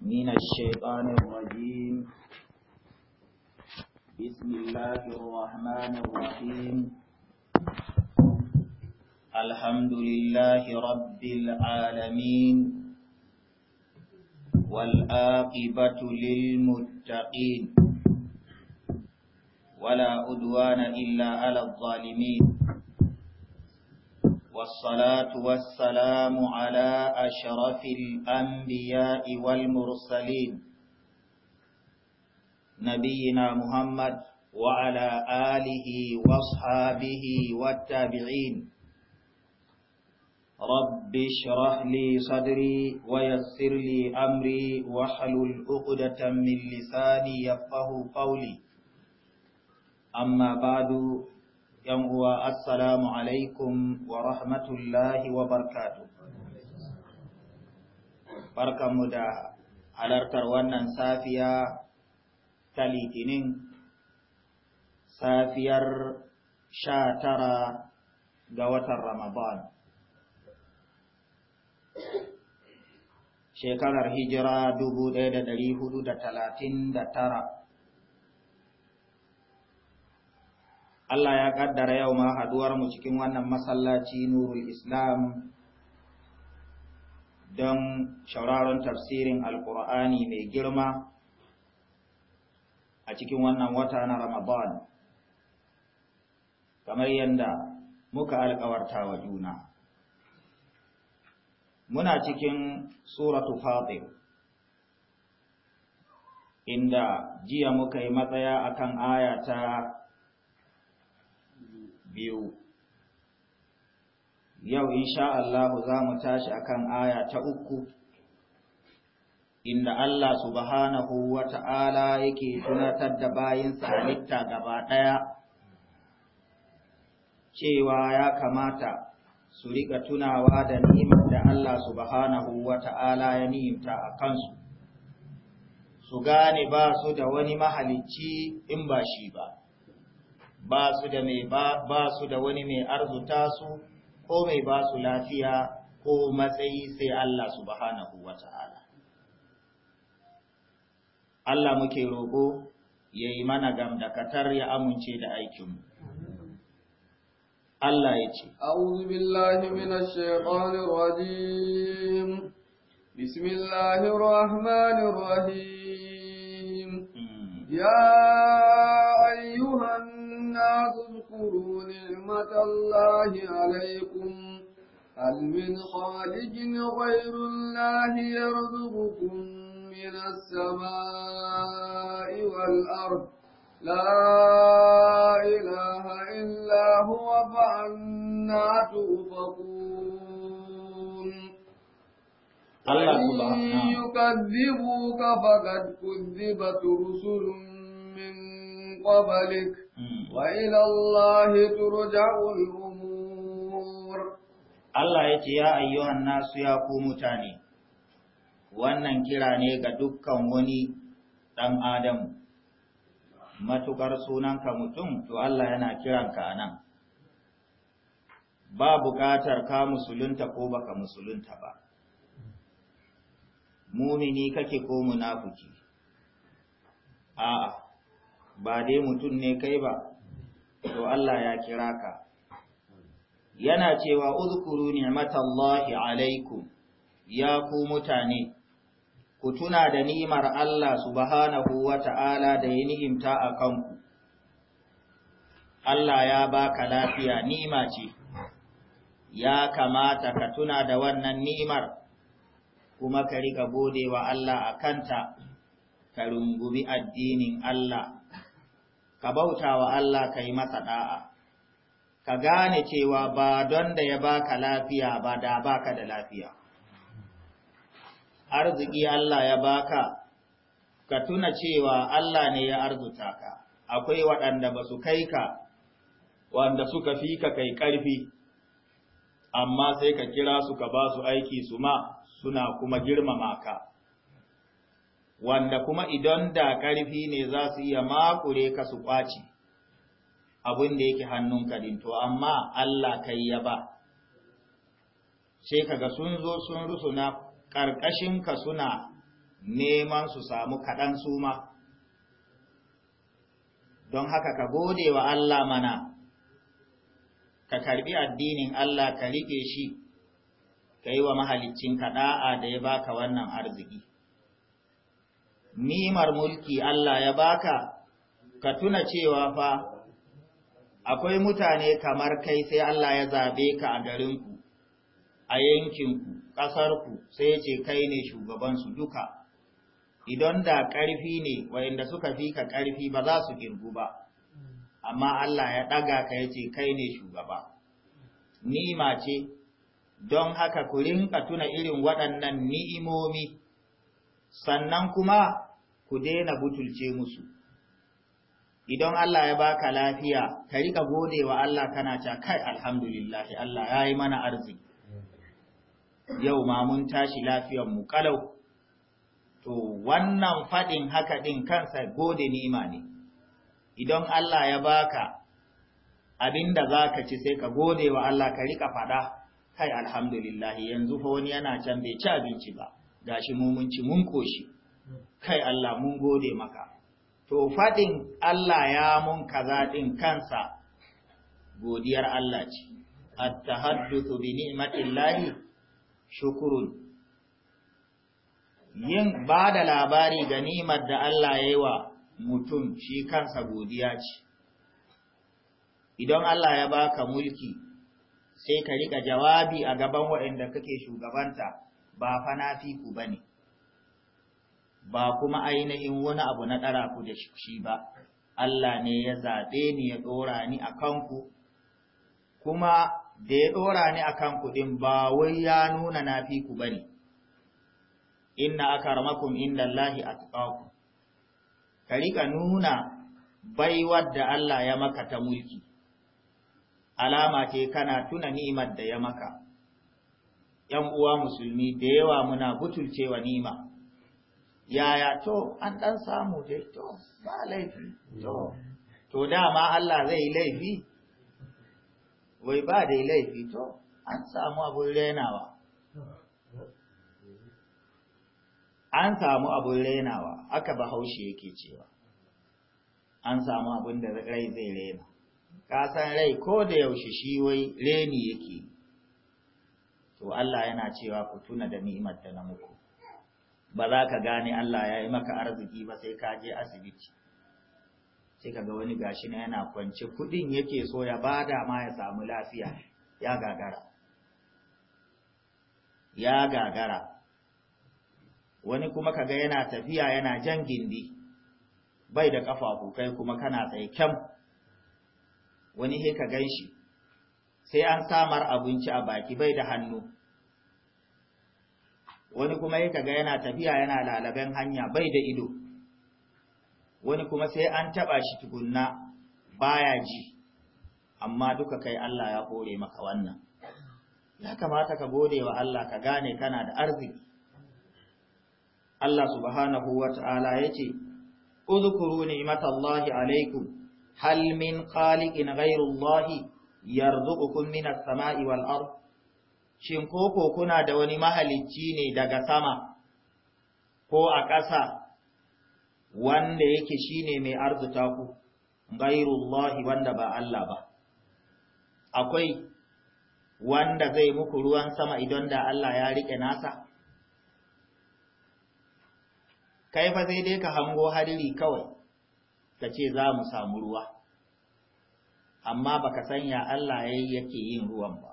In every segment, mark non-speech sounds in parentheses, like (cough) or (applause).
من الشيطان الرجيم بسم الله الرحمن الرحيم الحمد لله رب العالمين والآقبة للمتقين ولا أدوان إلا على الظالمين والصلاة والسلام على أشرف الأنبياء والمرسلين نبينا محمد وعلى آله وصحابه والتابعين رب اشرح لي صدري ويسر لي أمري وحل عقدة من لساني يفقه قولي أما بعد yan uwa assalamu alaikum wa rahmatullahi wa barkatu barkanmu da halartar wannan safiya ta litinin safiyar sha tara ga watan ramadan shekarar hijira dubu ɗaya da da ɗari hudu talatin tara. Allah ya kaddara yau ma haduwar mu cikin wannan masallaci Nurul Islam don shauraron tafsirin Alƙur'ani mai girma a cikin wannan wata na Ramadan kamar yadda muka alƙawarta wa juna. Muna cikin Suratu Fatir. inda jiya muka yi matsaya akan aya ta biyu yau insha Allah za mu tashi akan aya ta uku inda Allah subhanahu wa ta'ala yake tunatar da bayin halitta gaba ɗaya cewa ya kamata su riƙa tunawa da ni'imar da Allah subhanahu wa ta'ala ya ni'imta a kansu su gane ba su da wani mahalicci in ba shi ba ba su da wani mai arzuta su ko mai ba su lafiya ko matsayi sai Allah subhanahu wa ta'ala. Allah muke roƙo ya yi mana katar ya amince da aikinmu. Allah ya ce, A'udhu billahi minash shaitani rajim. بسم الله الرحمن الرحيم يا أيها إنا تذكروا نعمة الله عليكم هل من خالق غير الله يرزقكم من السماء والأرض لا إله إلا هو فأنا تؤفكون الله نعم. يكذبوك فقد كذبت رسل من قبلك Hmm. وإلى الله ترجع الأمور الله يتي يا أيها الناس يا mutane. wannan kira ne ga dukkan wani ɗan adam matukar sunanka mutum to Allah yana kiranka a nan ba buƙatar ka musulunta ko baka musulunta ba mumini kake ko munafuki a'a ba dai mutum ne kai ba to Allah ya kira ka yana cewa uzkuru ni'matallahi alaikum ya ku mutane ku tuna da nimar Allah subhanahu wata'ala da ya ni'imta a kanku Allah ya baka lafiya ni'ima ce ya kamata ka tuna da wannan ni'imar kuma ka riƙa gode wa Allah a kanta, ka rungubi addinin Allah, ka bauta wa Allah ka yi masa da'a, ka gane cewa ba don da ya baka lafiya ba da baka da lafiya. Arziki Allah ya baka, ka tuna cewa Allah ne ya arzuta ka, akwai waɗanda ba su kai ka, wanda suka fi ka kai ƙarfi, amma sai ka kira su ka ba su aiki su ma suna kuma girmama ka. wanda kuma idan da ƙarfi ne za su iya makure ka su ƙwaci abin da yake hannunka din to amma Allah kai ya ba sai kaga sun zo sun rusuna ka suna neman su samu kaɗan suma don haka ka gode wa Allah mana ka karbi addinin Allah ka riƙe shi ka yi wa mahalicin kaɗa'a da ya baka wannan arziki nimar mulki Allah ya baka ka tuna cewa fa akwai mutane kamar kai sai Allah ya zabe ka a garinku a yankin yankinku ƙasarku sai ce kai ne shugabansu duka idan da ƙarfi ne wayanda suka fi ka ƙarfi ba za su girgu ba amma Allah ya ɗaga ka ya ce kai ne shugaba Nima ce don haka ku rinka tuna irin waɗannan ni'imomi sannan kuma ku daina butulce musu idan Allah ya baka lafiya ka rika gode wa Allah kana ta kai alhamdulillah Allah ya yi mana arziki yau ma mun tashi lafiyar mu kalau to wannan fadin haka din kansa gode ma ne idan Allah ya baka abinda zaka ci sai ka gode wa Allah ka rika fada kai alhamdulillah yanzu fa wani yana can bai ci abinci ba shi mu mun ci mun koshi kai Allah mun gode maka to faɗin Allah ya mun kaza din kansa godiyar Allah ce at tahaddutu bi ni'matillahi shukurun yin ba da labari ga ni'imar da Allah ya yi wa mutum shi kansa godiya ce idan Allah ya baka mulki sai ka riƙa jawabi a gaban waɗanda kake shugabanta ba fa na fi ku bane ba kuma ainihin wani abu na ɗara ku da shi ba Allah ne ya zaɓe ni ya ɗora ni a kanku kuma da ya ɗora ni a kanku ɗin ba wai ya nuna na fi ku bane inna akarmakum indallahi atqakum ka rika nuna baiwar da Allah ya maka ta mulki alama ce kana tuna ni'imar da ya maka ‘yan uwa musulmi da yawa muna butulcewa nima. Yaya to, an ɗan samu dai to, ba laifi to, to dama Allah zai laifi, wai ba dai laifi to, an samu abin renawa. An samu abin renawa, aka haushe yake cewa, an samu abin da rai zai rena. Kasan rai ko da yaushe shi wai reni yake. to Allah yana cewa ku tuna da ni'imar da na muku ba za ka gane Allah ya yi maka arziki ba sai ka je asibiti sai ka ga wani gashi na yana kwance kudin yake so ya bada ma ya samu lafiya ya gagara ya gagara wani kuma kaga yana tafiya yana jan gindi bai da kafafu kai kuma kana tsaye kyam wani he ka ganshi sai an samar abinci a baki bai da hannu wani kuma ya kaga yana tafiya yana lalaben hanya bai da ido wani kuma sai an taba shi tukunna baya ji amma duka kai Allah ya hore maka wannan ya kamata ka gode wa Allah ka gane kana da arziki Allah subhanahu wa ta'ala ya ce ni ni'matallahi alaikum hal min khaliqin yarzuqukum minas sama'i wal ard shin ko kuna da wani mahalicci ne daga sama ko a ƙasa wanda yake shine mai arzuta ku ghairullahi wanda ba Allah ba akwai wanda zai muku ruwan sama idan da Allah ya riƙe nasa kai fa zai dai ka hango hadiri kawai ka ce za mu samu ruwa amma baka sanya Allah yayi yake yin ruwan ba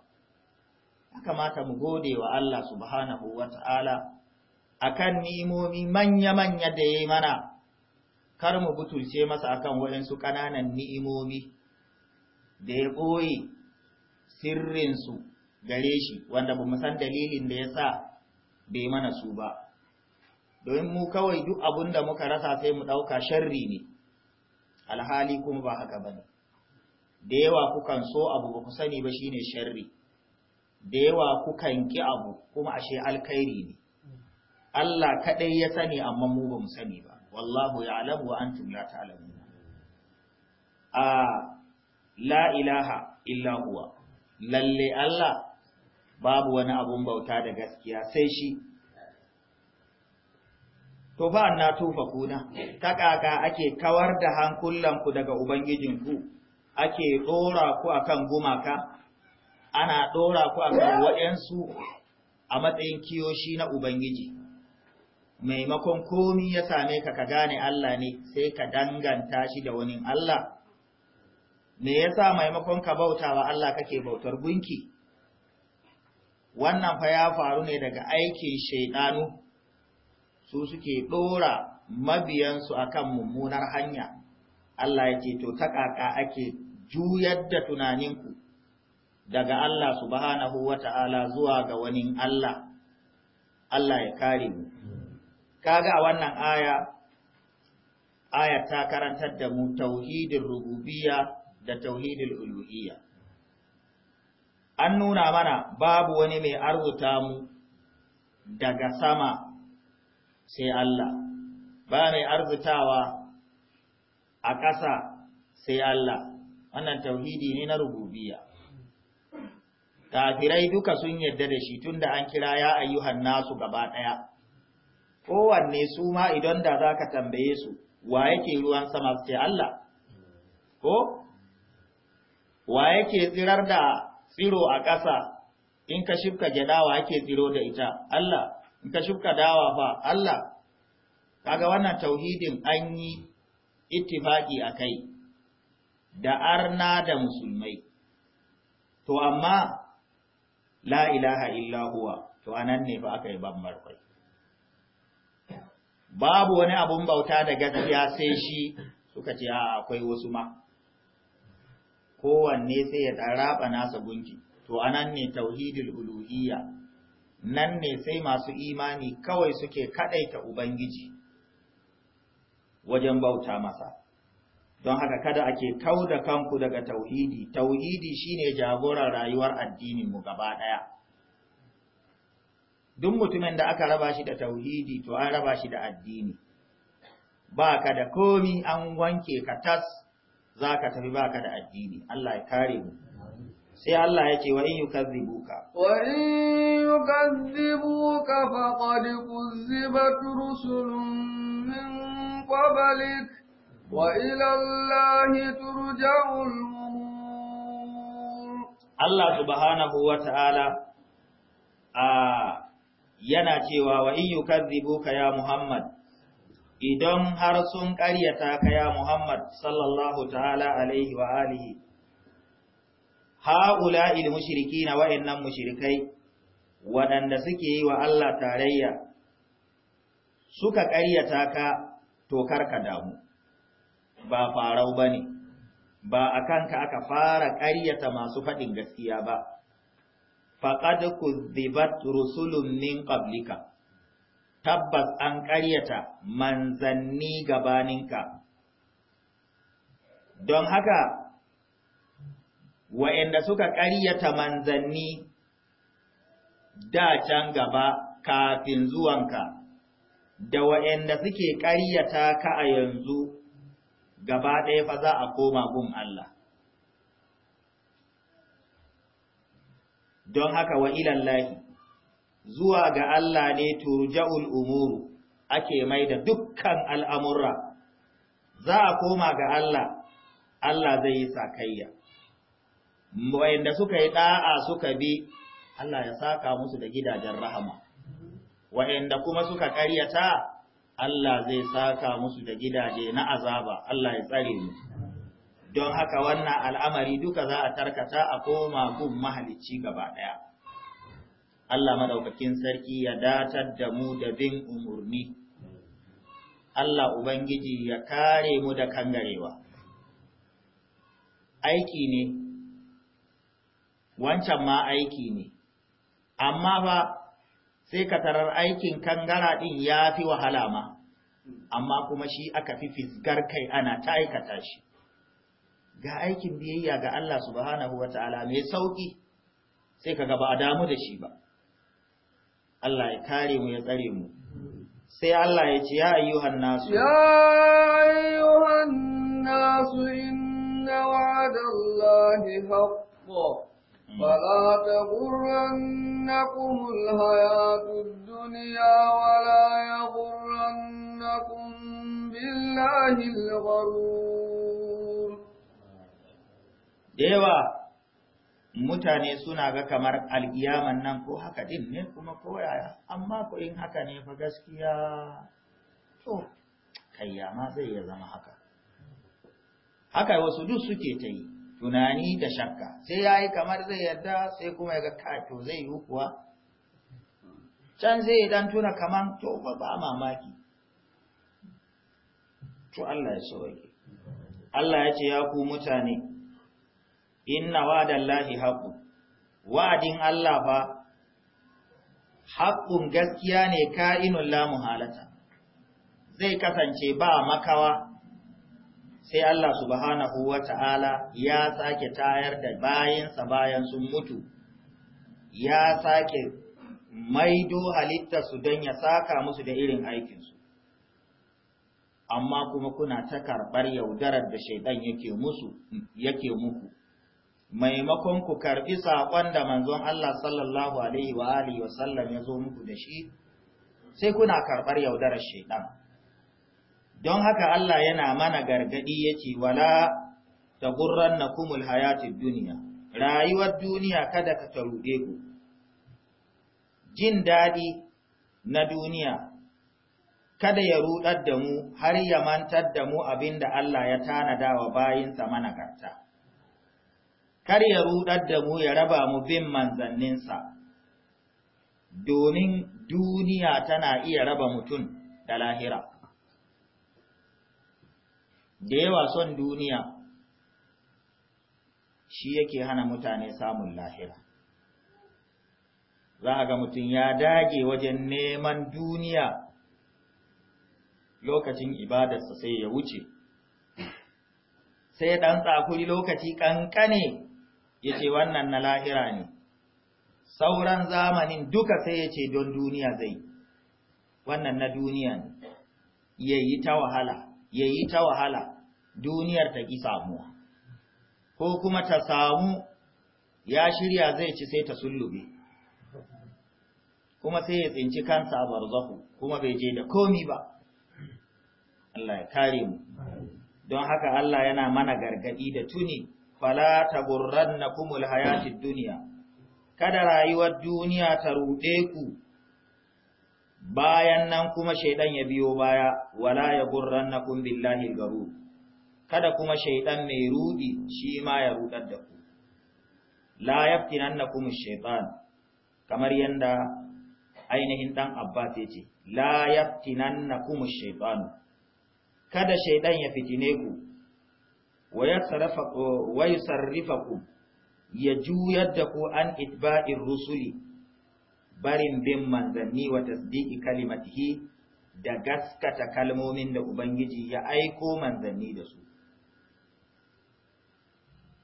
ya kamata mu gode wa Allah subhanahu wata'ala akan ni'imomi manya-manya da yayi mana kar mu butulce masa akan waɗansu ƙananan ni'imomi da ya ɓoye sirrinsu gare shi wanda bamu san dalilin da ya sa bai mana su ba domin mu kawai duk abun da muka rasa sai mu ɗauka sharri ne alhali kuma ba haka bane ne da yawa kukan so abu ba ku sani ba shine sharri da yawa kukan ki abu kuma ashe alkhairi ne Allah kadai ya sani amma mu ba mu sani ba wallahu ya'lamu wa antum la ta'lamun a la ilaha illa huwa lalle Allah babu wani abun bauta da gaskiya sai shi to ba na tufa kuna ta kaka ake kawar da hankulanku daga ubangijinku ake ɗora ku akan gumaka, ana ɗora ku akan waɗansu a matsayin kiyoshi na Ubangiji. Maimakon komi ya same ka ka gane Allah ne sai ka danganta shi da wani Allah. Me yasa maimakon ka bauta wa Allah kake bautar gunki? Wannan fa ya faru ne daga aikin shaidanu, su suke ɗora mabiyansu akan mummunar hanya. Allah ya ce, To, ta ƙaƙa ake juyar da tunaninku daga Allah subhanahu wa ta'ala zuwa ga wani Allah, Allah ya kare mu. Kaga a wannan aya, aya ta karantar da mu tauhidin rububiyya da tauhidin uluhiyya. An nuna mana babu wani mai arzuta mu daga sama sai Allah, ba mai arzutawa a ƙasa sai Allah, wannan tauhidi ne na rububiyya kafirai duka sun yadda da shi tunda an kira ya ayyuhan nasu gaba daya kowanne su ma idan da zaka tambaye su wa yake ruwan sama sai Allah ko wa yake tsirar da tsiro a ƙasa in ka shifka gyadawa yake tsiro da ita Allah in ka shifka dawa fa Allah kaga wannan tauhidin an yi ittifaqi akai da arna da musulmai to amma la ilaha illa huwa to anan ne ba aka yi ban kai babu wani abun bauta da gaskiya sai shi suka ce a akwai wasu ma kowanne sai ya ɗaraɓa nasa gunki to anan ne tauhidul uluhiyya nan ne sai masu imani kawai suke kadaita ubangiji wajen bauta masa don haka kada ake kau da kanku daga tauhidi tauhidi shine jagoran rayuwar addinin mu gaba daya duk mutumin da aka raba shi da tauhidi to an raba shi da addini baka da komi an wanke ka tas zaka tafi baka da addini Allah ya kare mu sai Allah ya ce wa in yukazzibuka wa in yukazzibuka faqad kuzzibat rusulun min qablik وإلى الله ترجع الأمور الله سبحانه وتعالى آه yana cewa wa in ka ya Muhammad idan har sun ƙaryata ka ya Muhammad sallallahu ta'ala alaihi wa alihi na mushrikina wa'annan mushrikai waɗanda suke yi wa Allah tarayya suka ƙaryata ka to karka damu ba farau ba ne, ba a kanka aka fara ƙaryata masu faɗin gaskiya ba, faƙad ku zibat rusulun min ƙablika, tabbas an ƙaryata manzanni gabaninka. Don haka, wa'yanda suka ƙaryata manzanni da can gaba kafin zuwanka, da wa'yanda suke ƙaryata ka a yanzu gaba ɗaya fa za a koma gun Allah. Don haka wa lahi, zuwa ga Allah ne turja'ul umuru ake mai da dukkan al'amurra, za a koma ga Allah, Allah zai yi sakayya. Wayanda suka yi ɗa'a suka bi, Allah ya saka musu da gidajen rahama. Wayanda kuma suka ƙaryata, Allah zai saka musu da gidaje na azaba Allah ya tsare mu don haka wannan al'amari duka za a tarkata a koma gun mahalicci gaba ɗaya Allah madaukakin sarki ya datar da mu da bin umurni Allah Ubangiji ya kare mu da kangarewa aiki ne wancan ma aiki ne amma ba sai ka tarar aikin kangara ɗin ya fi wahala ma, amma kuma shi aka fi fisgar kai ana ta aikata shi. Ga aikin biyayya ga Allah subhanahu wa ta'ala mai sauƙi sai ka gaba a damu da shi ba. Allah ya kare mu ya tsare mu. Sai Allah ya ce, Ya ayyuhan nasu. Ya ayyuhan nasu inna wa'adallahi haqqo. فلا تغرنكم الحياة الدنيا ولا يغرنكم بالله الغرور ديوا mutane suna ga kamar alƙiyaman nan ko haka din ne kuma ko yaya amma ko in haka ne fa gaskiya to kayyama zai ya zama haka haka wasu duk suke ta yi tunani da shakka sai ya yi kamar zai yarda sai kuma ya ga kato zai yi kuwa can zai dan tuna kamar to ba ba mamaki to Allah ya sauke Allah ya ce ya ku mutane inna wa'dallahi haqqun wa'adin Allah ba, haqqun gaskiya ne ka'inul la muhalata zai kasance ba makawa sai Allah subhanahu wa ta'ala ya sake tayar da bayansa bayan sun mutu, ya sake maido halittarsu don ya saka musu da irin aikinsu. Amma kuma kuna ta karɓar yaudarar da shaidan yake musu, yake muku. Maimakon ku karɓi saƙon da manzon Allah sallallahu Alaihi wa Alihi ya zo muku da shi, sai kuna karɓar yaudarar shaidan. don haka Allah yana mana gargadi yake wala taghurrannakumul hayatid duniya. rayuwar duniya kada ka tarude ku jin daɗi na duniya kada ya ruɗar da mu har ya mantar da mu abinda Allah ya tanada wa bayinsa managarta kar ya ruɗar da mu ya raba mu bin manzanninsa domin duniya tana iya raba mutum da lahira da yawa son duniya shi yake hana mutane samun lahira za a ga mutum ya dage wajen neman duniya lokacin ibadarsa sai ya wuce sai ɗan tsakuri lokaci ƙanƙane ya ce wannan na lahira ne sauran zamanin duka sai ya ce don duniya zai wannan na duniya ne ya yi ta wahala ya yi ta wahala duniyar ta ƙi samuwa, ko kuma ta samu ya shirya zai ci sai ta sullube, kuma sai ya tsinci kansa a barzahu kuma bai je da komi ba. Allah ya kare mu, don haka Allah yana mana gargaɗi da tuni, fala ta gurran na kumul hayatid duniya, kada rayuwar duniya ta ruɗe ku. bayan nan kuma shaidan ya biyo baya wala ya gurrannakum billahi garu kada kuma shaidan mai rudi shi ma ya rudar da ku la yaftinannakum shaitan kamar yanda ainihin dan Abbas ce. la yaftinannakum shaitan kada shaidan ya fitine ku wa ku? ya juyar da ku an itba'ir rusuli barin bin manzanni wa tasdiki kalimatihi da gaskata kalmomin da Ubangiji ya aiko manzanni da su.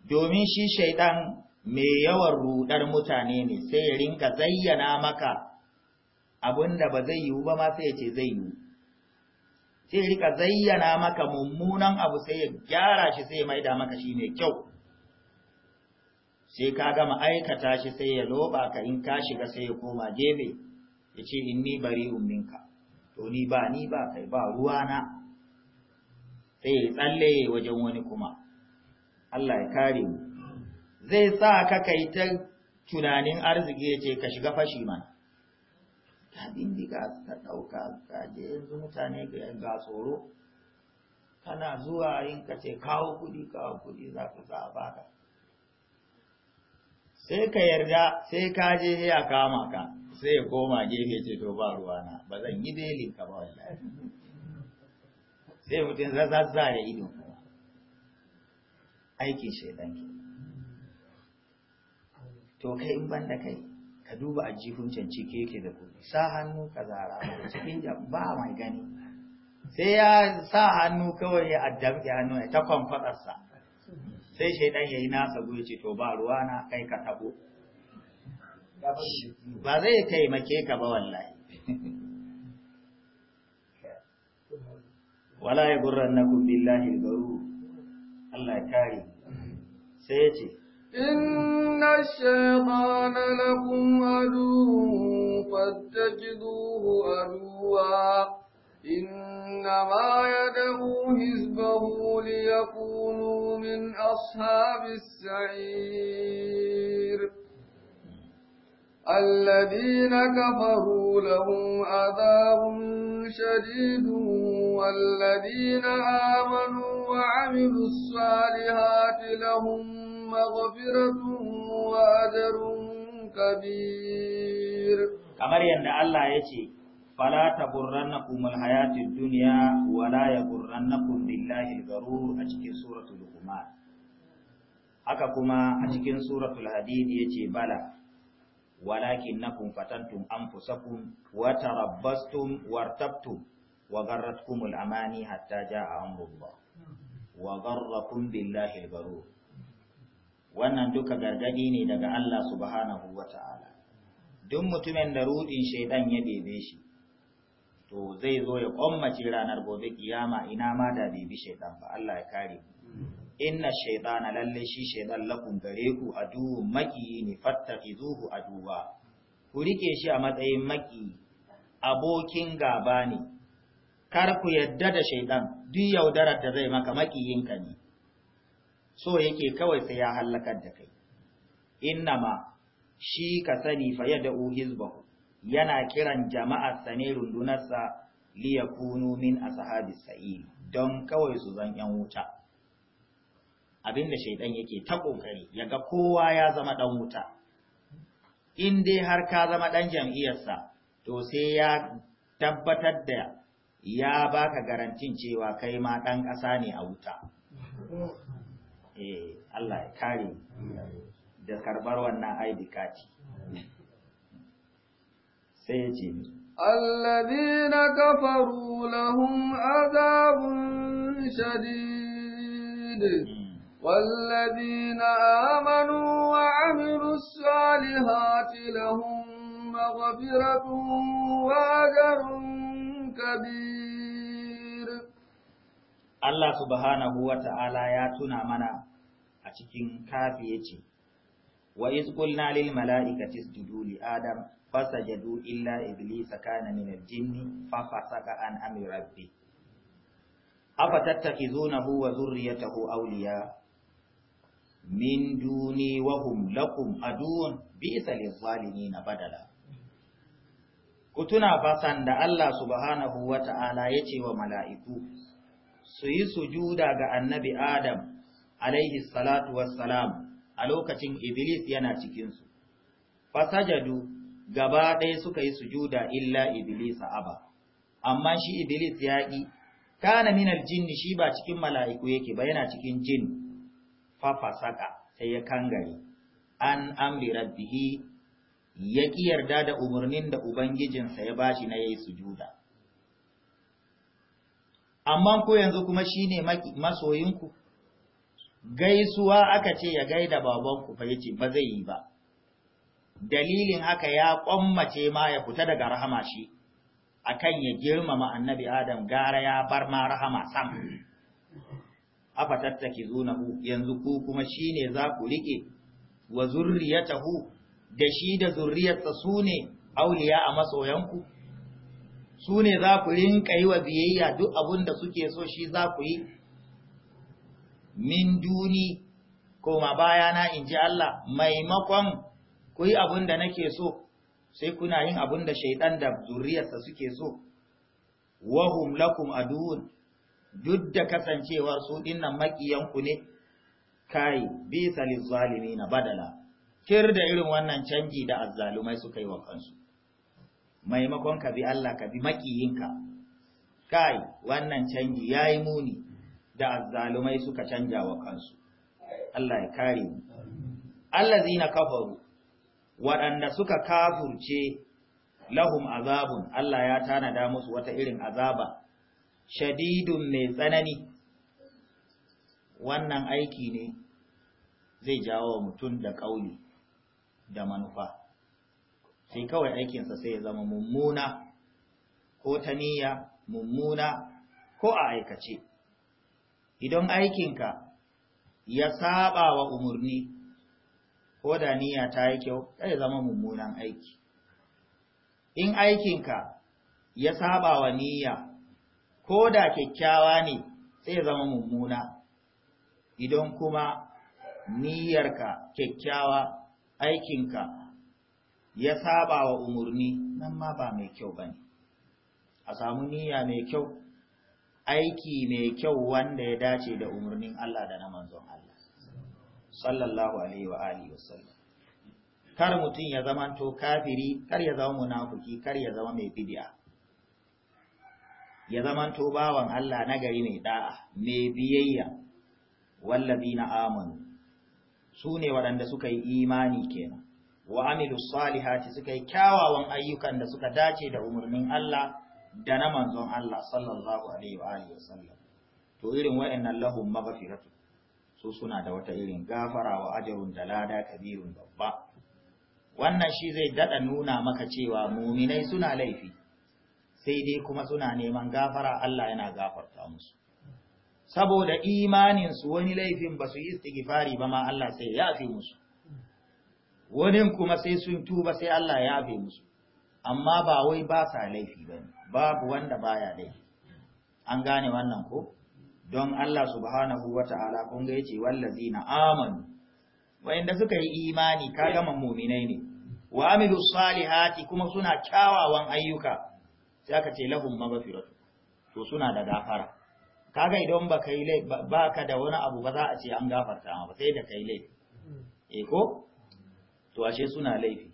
Domin shi shaidan mai yawan rudar mutane ne sai ya rinka zayyana maka abin da ba zai yiwu ba ma yace ya ce zai yiwu. Sai ya rika zayyana maka mummunan abu sai ya gyara shi sai ya maida maka shi mai kyau. sai ka ga ma'aikata shi sai ya loba ka in ka shiga sai ya koma gebe ya ce in ni bari umminka to ni ba ni ba kai ba ruwana sai ya tsalle wajen wani kuma Allah ya kare mu zai sa ka kai ta tunanin arziki ya ce ka shiga fashi mana ka bindiga ka ɗauka ka je yanzu mutane ga tsoro kana zuwa yin ka ce kawo kuɗi kawo kuɗi za ka sa a baka sai ka yarda sai ka je sai kama ka sai ya koma gefe ce to ba ruwana ba zan yi belin ka ba wallahi sai mutum zazzare idon kuma aikin shaidan ke to kai in banda kai ka duba a jihun canci ke yake da kuɗi sa hannu ka zara cikin ba mai gani sai ya sa hannu kawai ya addabi hannu ya ta kwamfadarsa sai shaidan ya yi nasa ce to ba ruwa na kai ka tabo ba zai kai make ka ba wallahi wala ya gurran na billahi garu Allah ya kare sai ya ce Inna الشيطان lakum adu fattajiduhu عدوا إنما يدعو حزبه ليكونوا من أصحاب السعير الذين كفروا لهم عذاب شديد والذين آمنوا وعملوا الصالحات لهم مغفرة وأجر كبير kamar yadda Allah ya ce fala taburrannakum alhayatid dunya wala yaburrannakum billahi algharur a cikin suratul haka kuma a cikin suratul hadid yace bala walakinnakum fatantum anfusakum wata tarabbastum wartabtum wa garratkum amani hatta jaa amrullah wa garrakum billahi algharur wannan duka gargadi ne daga Allah subhanahu wa ta'ala duk mutumin da rudin shaidan ya bebe shi to zai zo ya kwammace ranar gobe kiyama ina ma da bibi shaitan fa Allah ya kare inna shaitana lalle shi shaitan lakum gare ku aduwwun maki ne fattakizuhu aduwa ku rike shi a matsayin maki abokin gaba ne kar ku yadda da shaitan duk yaudarar da zai maka makiyinka ne so yake kawai sai ya hallakar da kai innama shi ka sani fa yad'u hizbahu yana kiran jama'ar sa ne rundunarsa liyakunu min ashabis sa’il don kawai su zan yan wuta abinda shaidan yake ta kokari yaga kowa ya zama ɗan wuta in dai har ka zama ɗan jam'iyyarsa to sai ya tabbatar da ya baka garantin cewa kai ma ɗan ƙasa ne a wuta eh Allah ya kare da karɓar wannan aidi kati sai ya ce ni. Allabi na kafaru lahun azabun shadi da hmm. wallabi na amanu wa amiru salihati lahun magafiratu wa garun Allah subhanahu wa ta’ala ya tuna mana a cikin kafi ya ce, wa iz qulna lil mala'ikati isjudu li adam fasajadu illa iblisa kana min al-jinni fa fasaqa an amri rabbi afa tattakhizunahu wa dhurriyyatahu awliya min duni wa hum lakum aduwwun bi'sa liz-zalimin badala ku tuna fasan da Allah subhanahu wa ta'ala ya ce wa mala'iku su yi sujuda ga annabi Adam alaihi salatu wassalam a lokacin Iblis yana cikinsu. Fasajadu gaba ɗaya suka yi sujuda illa Iblis aba, amma shi Iblis ya ƙi, kana minal shi ba cikin mala'iku yake ba yana cikin jin fafasaka sai ya kangare, an amri rabbihi ya ƙi yarda da umarnin da Ubangijinsa ya bashi na ya yi sujuda. Amma ko yanzu kuma shi ne masoyinku? gaisuwa aka ce ya gaida babanku fa yace ba zai yi ba dalilin haka ya kwammace ma ya fita daga rahama shi akan ya girmama annabi adam gara ya bar ma rahama sam afa tattaki zunahu yanzu ku kuma shine za ku rike wa zurriyatahu da shi da zurriyarsa sune auliya a masoyanku sune za ku rinka yi wa biyayya duk abunda da suke so shi za ku yi min duni koma bayana in ji Allah maimakon ku yi abin da nake so sai kuna yin abin da shaidan da zuriyarsa suke so wahum lakum aduun duk da kasancewa su dinnan makiyanku ne kai bisa na badala kir da irin wannan canji da azzalumai suka yi wa kansu maimakon ka bi Allah ka bi makiyinka kai wannan canji yayi muni da azzalumai suka canja wa kansu Allah ya kare mu allazina kafaru waɗanda suka kafurce lahum azabun Allah ya tanada musu wata irin azaba shadidun mai tsanani wannan aiki ne zai jawo mutum da ƙauye da manufa sai kawai aikinsa sai ya zama mummuna ko ta niyya mummuna ko a aikace idan aikinka ya saba wa umarni ko da niyya ta yi kyau zai zama mummunan aiki in aikinka ya saba wa niyya ko da kyakkyawa ne zai zama mummuna idan kuma niyyarka kyakkyawa aikinka ya saba wa umarni nan ma ba mai kyau ba ne a samu niyya mai kyau aiki mai kyau wanda ya dace da umarnin Allah da na manzon Allah sallallahu alaihi wa alihi wasallam kar mutum ya zama to kafiri kar ya zama munafuki, kar ya zama mai bid'a ya zama to bawan Allah nagari mai da'a mai biyayya na amanu sune waɗanda suka yi imani kenan wa amilu salihati suka yi kyawawan ayyukan da suka dace da umarnin Allah da na manzon Allah sallallahu alaihi wa alihi wasallam to irin wayannan lahum maghfiratu su suna da wata irin gafara wa ajrun da lada kabirun babba wannan shi zai dada nuna maka cewa muminai suna laifi sai dai kuma suna neman gafara Allah yana gafarta musu saboda imanin su wani laifin ba su yi istighfari ba ma Allah sai ya fi musu wani kuma sai sun tuba sai Allah ya fi musu amma ba wai ba sa laifi bane babu wanda baya dai an gane wannan ko don Allah subhanahu wata'ala kun ga yace wallazina amanu wayanda suka yi imani ka gama mu'minai ne wa amilu salihati kuma suna kyawawan ayyuka sai aka ce lahum maghfiratu to suna da gafara kaga idan baka yi baka da wani abu ba za a ce an gafarta ma ba sai da kai laifi eh ko to ashe suna laifi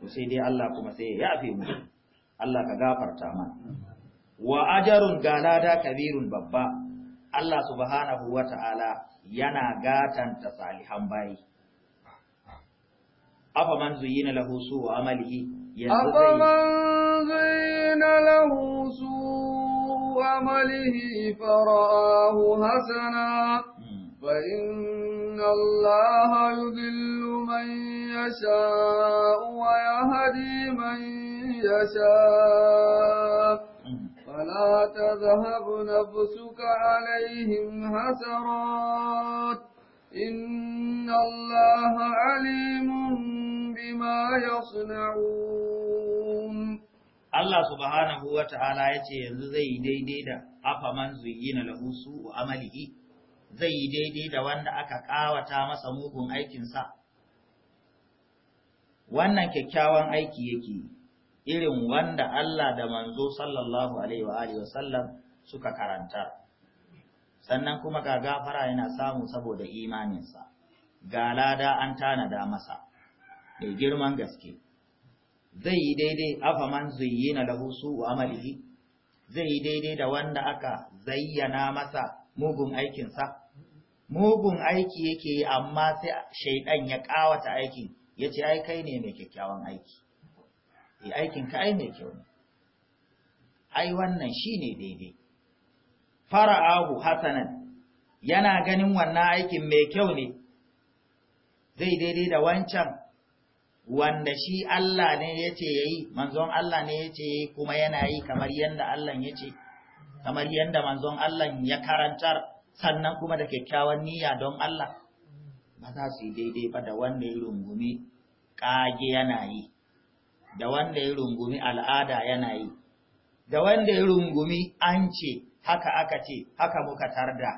to sai dai Allah kuma sai ya yafe mu Allah ka gafarta mana wa ajarun galada kabirun babba Allah subhanahu wa ta'ala yana gatanta salihan bayi afa man zuyina lahu su'u amalihi yanzu zai afa man zuyina lahu su'u amalihi fara'ahu hasana فإن الله يضل من يشاء ويهدي من يشاء فلا تذهب نفسك عليهم حسرات إن الله عليم بما يصنعون Allah subhanahu wa ta'ala ya ce yanzu zai daidai da afaman zuyina lahu su amalihi zai yi daidai da wanda aka ƙawata masa mugun aikinsa. Wannan kyakkyawan aiki yake irin wanda Allah da manzo sallallahu Alaihi wasallam suka karanta. Sannan kuma ga gafara yana samu saboda imaninsa, ga lada an tanada masa, mai girman gaske. Zai yi daidai man zuyi na lahusu amalihi, zai yi daidai da wanda aka zayyana masa mugun aikinsa mugun aiki yake yi amma sai shaidan ya kawata aikin ya ce ai kai ne mai kyakkyawan aiki e eh, aikin ka ai mai kyau ne ai wannan shine daidai fara'ahu hasanan yana ganin wannan aikin mai kyau ne zai daidai da wancan wanda shi Allah ne yace yayi manzon Allah ne yace yi kuma yana yi kamar yadda Allah yace kamar yadda manzon Allah ya karantar sannan kuma da kyakkyawan niyya don Allah ba za su yi daidai ba da wanda ya rungumi kage yana yi da wanda ya rungumi al'ada yana yi da wanda ya rungumi an ce haka aka ce haka muka tarda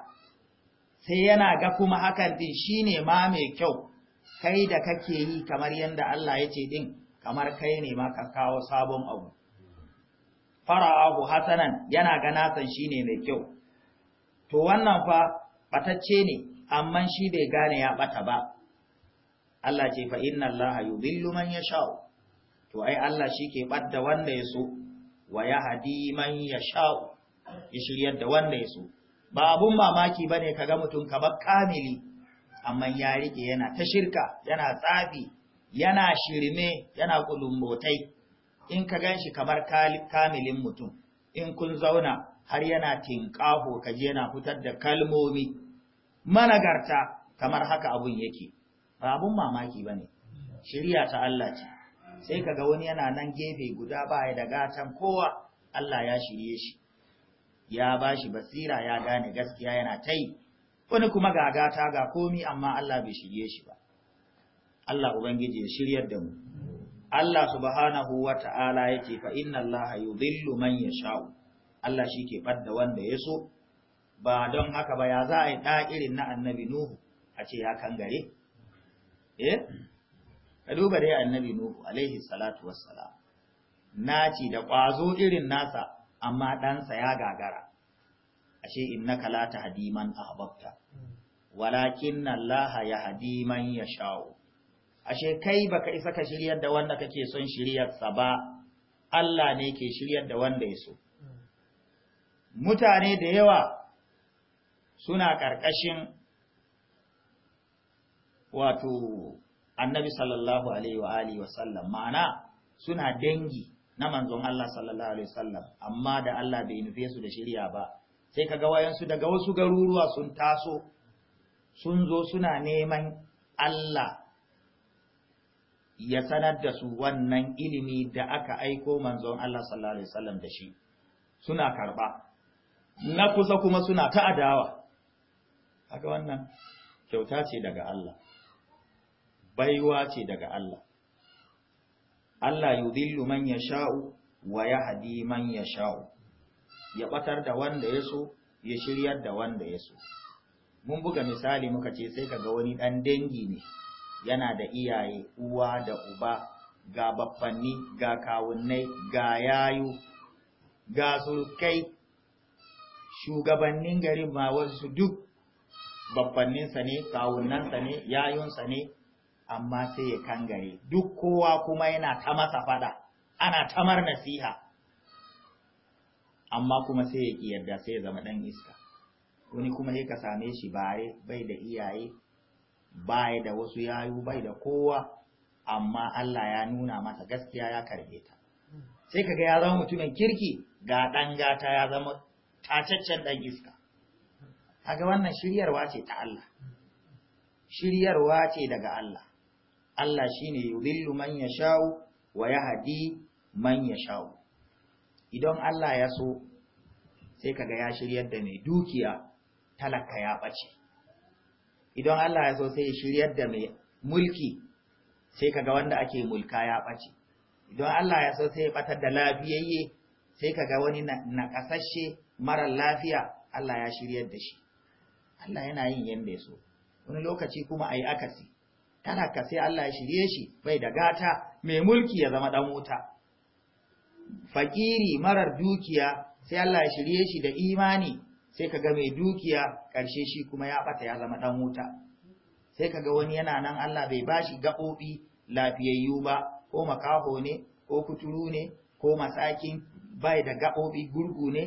sai yana ga kuma hakan din shine ma mai kyau kai da kake yi kamar yadda Allah ya ce din kamar kai ne ma ka kawo sabon abu fara'ahu hasanan yana ga nasan shine mai kyau to wannan fa batacce ne amma shi bai gane ya bata ba Allah ce fa inna Allah yudhillu man shao." to ai Allah shi ke ɓadda wanda ya so wa yahdi man shao?" ya shiryar da wanda ya so ba abun mamaki bane ga mutum kamar kamili amma ya rike yana ta shirka yana tsafi yana shirme yana kulumbotai in ka gan shi kamar kamilin mutum in kun zauna har yana tinƙaho je yana fitar da kalmomi managarta kamar haka abun yake ba abun mamaki ba ne shirya ta Allah ce sai ga wani yana nan gefe guda baya da gatan kowa Allah ya shirye shi ya ba shi basira ya gane gaskiya yana ta yi wani kuma ga gata ga komi amma Allah bai shirye shi ba Allah Ubangiji ya shiryar da mu Allah subhanahu wa ta'ala ya ce fa inna Allah yudhillu man ya sha’u, Allah shi ke fadda wanda ya so ba don haka ba ya za a yi ɗa'irin na annabi Nuhu a ce ya kangare eh ka duba dai annabi Nuhu alaihi salatu wassalam naci da ƙwazo irin nasa amma ɗansa ya gagara A ce innaka la tahdi man ahbabta walakin Allah ya Hadiman ya yasha'u ashe kai baka isa ka shiryar da wanda kake son shiryarsa ba Allah ne ke shiryar da wanda ya so mutane da yawa suna ƙarƙashin wato annabi sallallahu alaihi wa alihi wasallam ma'ana suna dangi na manzon Allah sallallahu alaihi wasallam amma da Allah bai nufe su da shirya ba sai kaga wayansu daga wasu garuruwa sun taso sun zo suna neman Allah ya sanar da su wannan ilimi da aka aiko manzon Allah sallallahu alaihi wasallam da shi suna karba na kusa kuma suna ta adawa haka wannan kyauta ce daga Allah baiwa ce daga Allah Allah yudhillu man yasha'u wa yahdi man yasha'u ya batar da wanda ya so ya shiryar da wanda ya so mun buga misali muka ce sai kaga wani dan dangi ne yana da iyaye uwa da uba ga baffanni ga kawunnai ga yayu ga surukai shugabannin garin ma wasu duk babbanninsa ne kawunnansa ne yayunsa ne amma sai ya kangare duk kowa kuma yana ta masa fada ana tamar nasiha amma kuma sai ya yarda sai ya zama ɗan iska wani kuma sai ka same shi bare bai da iyaye baya da wasu yayu bai da kowa amma Allah ya nuna masa gaskiya ya karbe ta sai kaga ya zama mutumin kirki ga dan gata ya zama tacaccen dan iska kaga wannan shiryarwa ce ta Allah shiryarwa ce daga Allah Allah shine yudillu man yasha'u wa yahdi man yasha'u idan Allah ya so sai kaga ya shiryar da mai dukiya talaka ya bace idan Allah ya so sai ya shiryar da mai mulki sai kaga wanda ake mulka ya ɓace idan Allah ya so sai ya ɓatar da lafiyayye sai kaga wani nakasashe marar lafiya Allah ya shiryar da shi Allah yana yin yanda ya so wani lokaci kuma a yi akasi talaka sai Allah ya shirye shi bai da gata mai mulki ya zama ɗan wuta fakiri marar dukiya sai Allah ya shirye shi da imani sai ga mai dukiya karshe shi kuma ya ɓata ya zama ɗan wuta sai kaga wani yana nan Allah bai bashi gaɓoɓi lafiyayyu ba ko makaho ne ko kuturu ne ko masakin bai da gaɓoɓi gurgu ne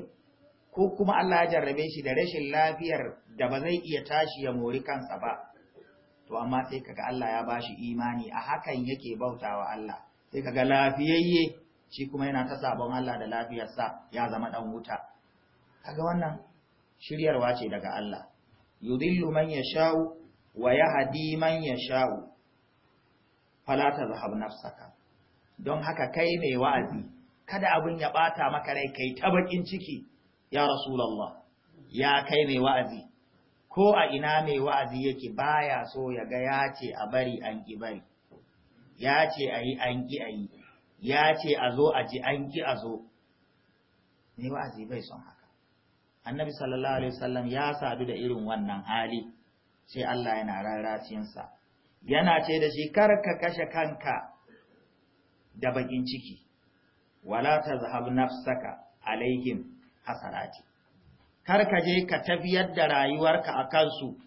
ko kuma Allah ya jarrabe shi da rashin lafiyar da ba zai iya tashi ya mori kansa ba to amma sai kaga Allah ya bashi imani a hakan yake bautawa Allah sai kaga lafiyayye shi kuma yana ta sabon Allah da lafiyarsa ya zama ɗan wuta kaga wannan shiryarwa ce daga Allah yudillu man yasha'u wa yahdi man yasha'u fala tazhab nafsaka don haka kai mai wa'azi kada abin ya ɓata maka rai kai ta ciki ya rasulullah ya kai mai wa'azi ko a ina mai wa'azi yake baya so ya ga ya ce a bari an ƙi bari ya ce a yi an ƙi a yi ya ce a zo a ji an ƙi a zo mai wa'azi bai son haka annabi sallallahu alaihi wasallam ya sadu da irin wannan hali sai Allah yana rarrasinsa yana ce da shi kar ka kashe kanka da bakin ciki wala tazhab nafsaka alaihim hasarati kar ka je ka tafiyar da rayuwarka a kansu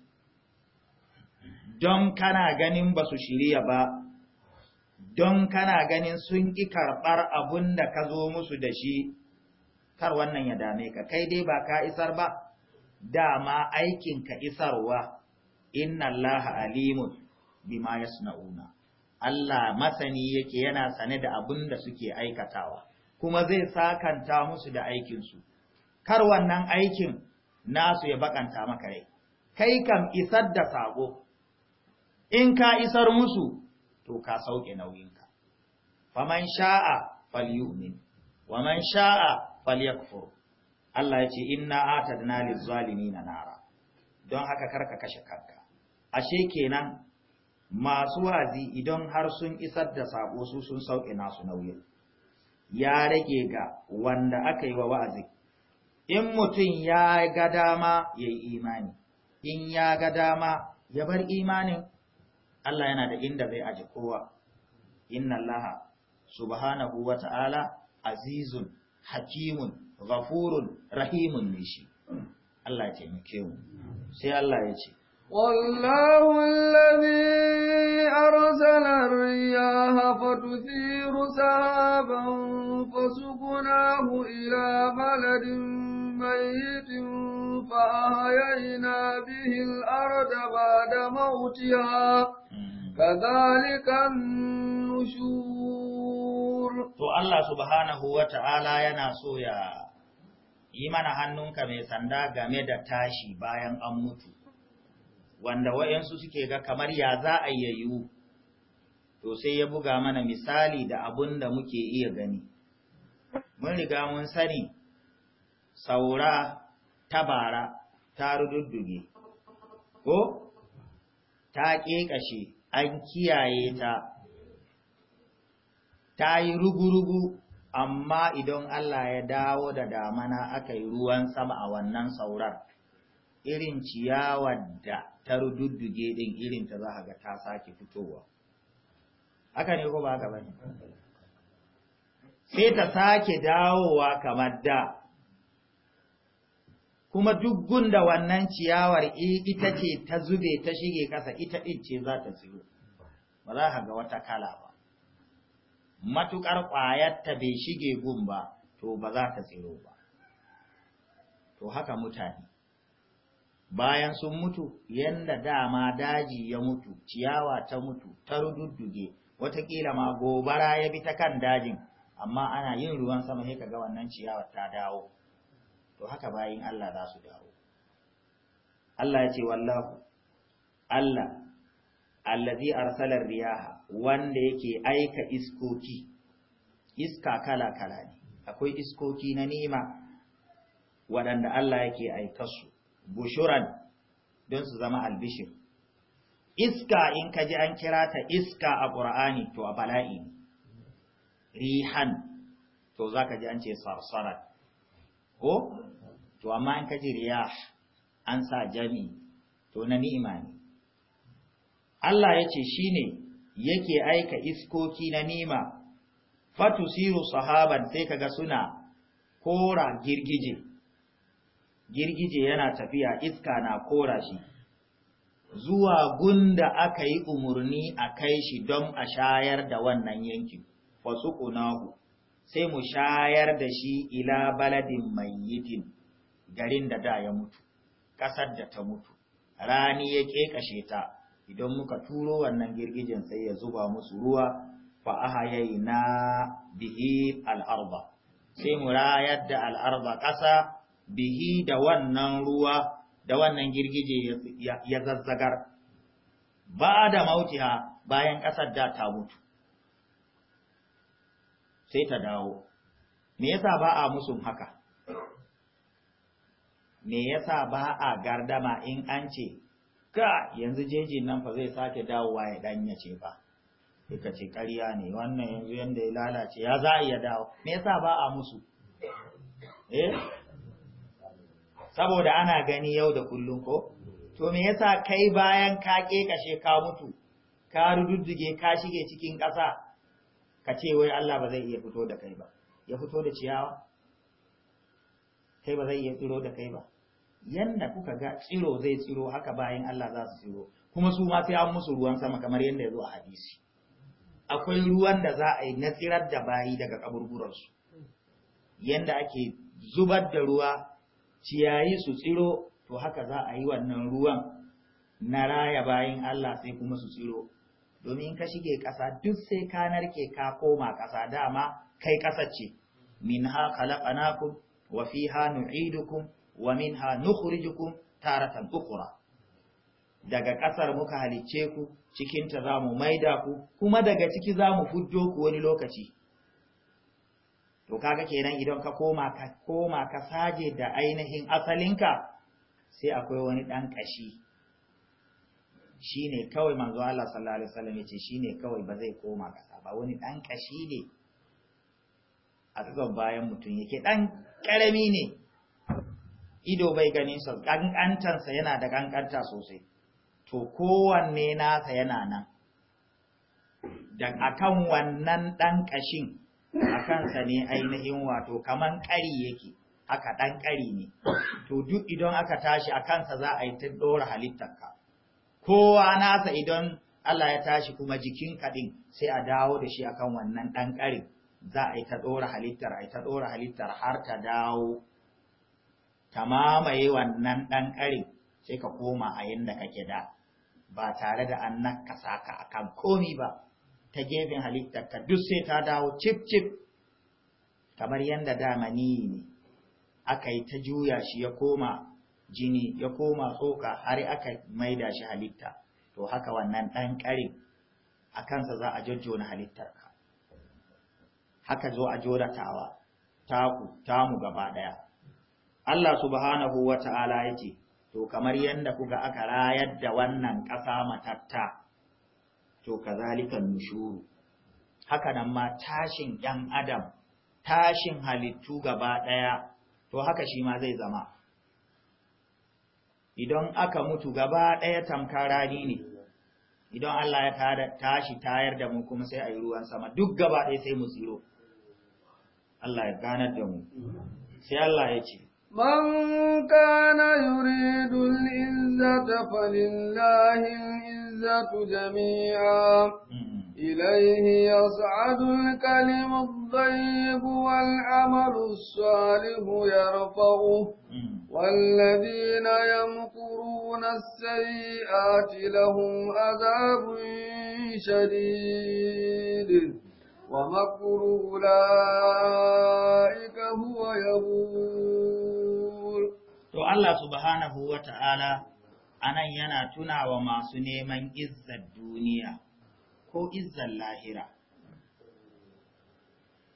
don kana ganin ba su shirya ba don kana ganin sun ƙi karɓar abun da ka zo musu da shi kar wannan ya dame ka kai dai ba ka isar ba dama aikin ka isarwa inna allaha alimun bima yasnauna Allah masani yake yana sane da abin da suke aikatawa kuma zai sakanta musu da aikinsu. kar wannan aikin nasu ya bakanta maka rai kai kam isar da saƙo in ka isar musu to ka sauke nauyinka faman sha'a falyumin waman sha'a falyakfur Allah ya ce inna atadna lizzalimina nara don haka karka kashe kanka ashe kenan masu wazi idan har sun isar da sako su sun sauke nasu nauyin ya rage ga wanda aka yi wa wa'azi in mutum ya ga dama ya yi imani in ya ga dama ya bar imanin Allah yana da inda zai aje kowa inna Allah subhanahu wa ta'ala azizun hakimun ghafurun rahimun ne shi Allah ya taimake mu sai Allah ya ce والله الذي أرسل الرياح فتثير سحابا فسقناه إلى بلد ميت فأحيينا به الأرض بعد موتها كذلك النشور to Allah subhanahu wa ta'ala yana so ya yi mana hannunka mai sanda game da tashi bayan an mutu wanda wayansu suke ga kamar ya za a yayu to sai ya buga mana misali da abun da muke iya gani mun riga mun sani saura tabara ta rududdube ko ta ƙeƙashe an kiyaye ta ta yi rugu amma idan Allah ya dawo da damana aka yi ruwan sama a wannan saurar irin ciyawar da ta rududduge din irin ta za ga ta sake fitowa haka ne ko ba ka bane sai ta sake dawowa kamar da kuma duk gunda wannan ciyawar ita ce ta zube ta shige kasa ita ɗin ce za ta tsiro ba za ka ga wata kala ba matuƙar ƙwayarta bai shige gun ba to ba za ta tsiro ba to haka mutane bayan sun mutu yanda dama daji ya mutu ciyawa ta mutu ta rududduge watakila ma gobara ya bi ta kan dajin amma ana yin ruwan sama sai ga wannan ciyawar ta dawo to haka bayan Allah za su dawo Allah ya ce wallahu Allah allazi arsalar riyaha wanda yake aika iskoki iska kala kala ne akwai iskoki na nema waɗanda Allah yake aikarsu bushuran don su zama albishir iska in ka ji an kira ta iska a ƙura'ani to a bala'i ne rihan to za ka ji an ce sarsarar ko to amma in ka ji riyah an sa jami to na ni'ima ne Allah ya ce shi ne yake aika iskoki na nima Fatu fatusiru sahaban sai kaga suna kora girgije girgije yana tafiya iska na kora shi zuwa gunda aka yi umarni a kai shi don a shayar da wannan yankin wasu kunahu, sai mu shayar da shi ila baladin mai mayyitin garin da da ya mutu ƙasar da ta mutu rani ya ƙeƙashe ta idan muka turo wannan girgijin sai ya zuba musu ruwa fa ahayaina bihi al-arba sai mu rayar da al ƙasa bihi da wannan ruwa da wannan girgije ya zazzagar ba da mautiha bayan ƙasar da ta mutu sai ta dawo me yasa ba a musu haka me yasa ba a gardama in an ce ka yanzu jejin nan fa zai sake dawowa ya ce fa ka ce ƙarya ne wannan yanzu yanda ya lalace ya za a iya dawo me yasa ba a musu eh saboda ana gani yau da kullum ko to me yasa kai bayan ka kashe ka mutu ka rududdige ka shige cikin ƙasa ka ce wai Allah ba zai iya fito da kai ba ya fito da ciyawa kai ba zai iya tsiro da kai ba yanda kuka ga tsiro zai tsiro haka bayan Allah za su tsiro kuma su ma sai an musu ruwan sama kamar yanda ya zo a hadisi akwai ruwan da za a yi na tsirar da bayi daga kaburburansu yanda ake zubar da ruwa ciyayi su tsiro to haka za a yi wannan ruwan na raya bayan Allah sai kuma su tsiro domin ka shige ƙasa duk sai ka narke ka koma ƙasa dama kai ƙasa ce min ha wa fiha nu'idukum wa minha nukhrijukum taratan ukhra daga ƙasar muka halicce ku cikinta za mu maida ku kuma daga ciki zamu mu fuddo ku wani lokaci to kaga kenan idan ka koma ka koma ka saje da ainihin asalinka sai akwai wani ɗan ƙashi shine kawai manzo Allah sallallahu alaihi wasallam yace shine kawai ba zai koma kasa ba wani ɗan ƙashi ne a tsakan bayan mutum yake ɗan karami ne ido bai ganin sa ƙanƙantansa yana da ƙanƙanta sosai to kowanne nasa yana nan da akan wannan ɗan ƙashin a kansa ne ainihin wato kaman ƙari yake haka ɗan ƙari ne to duk idan aka tashi a kansa za a yi ta ɗora halittarka kowa nasa idan Allah ya tashi kuma jikin kaɗin sai a dawo da shi akan wannan ɗan ƙarin za a yi ta ɗora halittar a yi ta ɗora halittar har ta dawo Ka mamaye wannan ɗan ƙarin sai ka koma a yadda kake da ba tare da an nakasa ka kan komi ba ta gefen halittar ka duk sai ta dawo cip cip kamar yadda damani ne aka yi ta juya shi ya koma jini ya koma tsoka har aka maida shi halitta to haka wannan ɗan ƙarin a kansa za a jojjona halittarka haka zo a tawa taku tamu gaba ɗaya Allah subhanahu wa ta'ala yake, To, kamar yadda kuka aka rayar da wannan ƙasa matatta, to, kazalikan nushuru. Haka nan ma tashin ‘yan Adam, tashin halittu gaba ɗaya, to haka shi ma zai zama. Idan aka mutu gaba ɗaya tamkarani ne, idan Allah ya tashi tayar da mu kuma sai a ruwan sama, duk gaba ɗaya sai mu tsiro. Allah ya ganar da mu. Sai Allah ya ce, من كان يريد العزة فلله العزة جميعا إليه يصعد الكلم الطيب والعمل الصالح يرفعه والذين يمكرون السيئات لهم عذاب شديد ومكر أولئك هو يبور To Allah subhanahu wa ta'ala anan yana tunawa masu neman izzar duniya ko izzar lahira.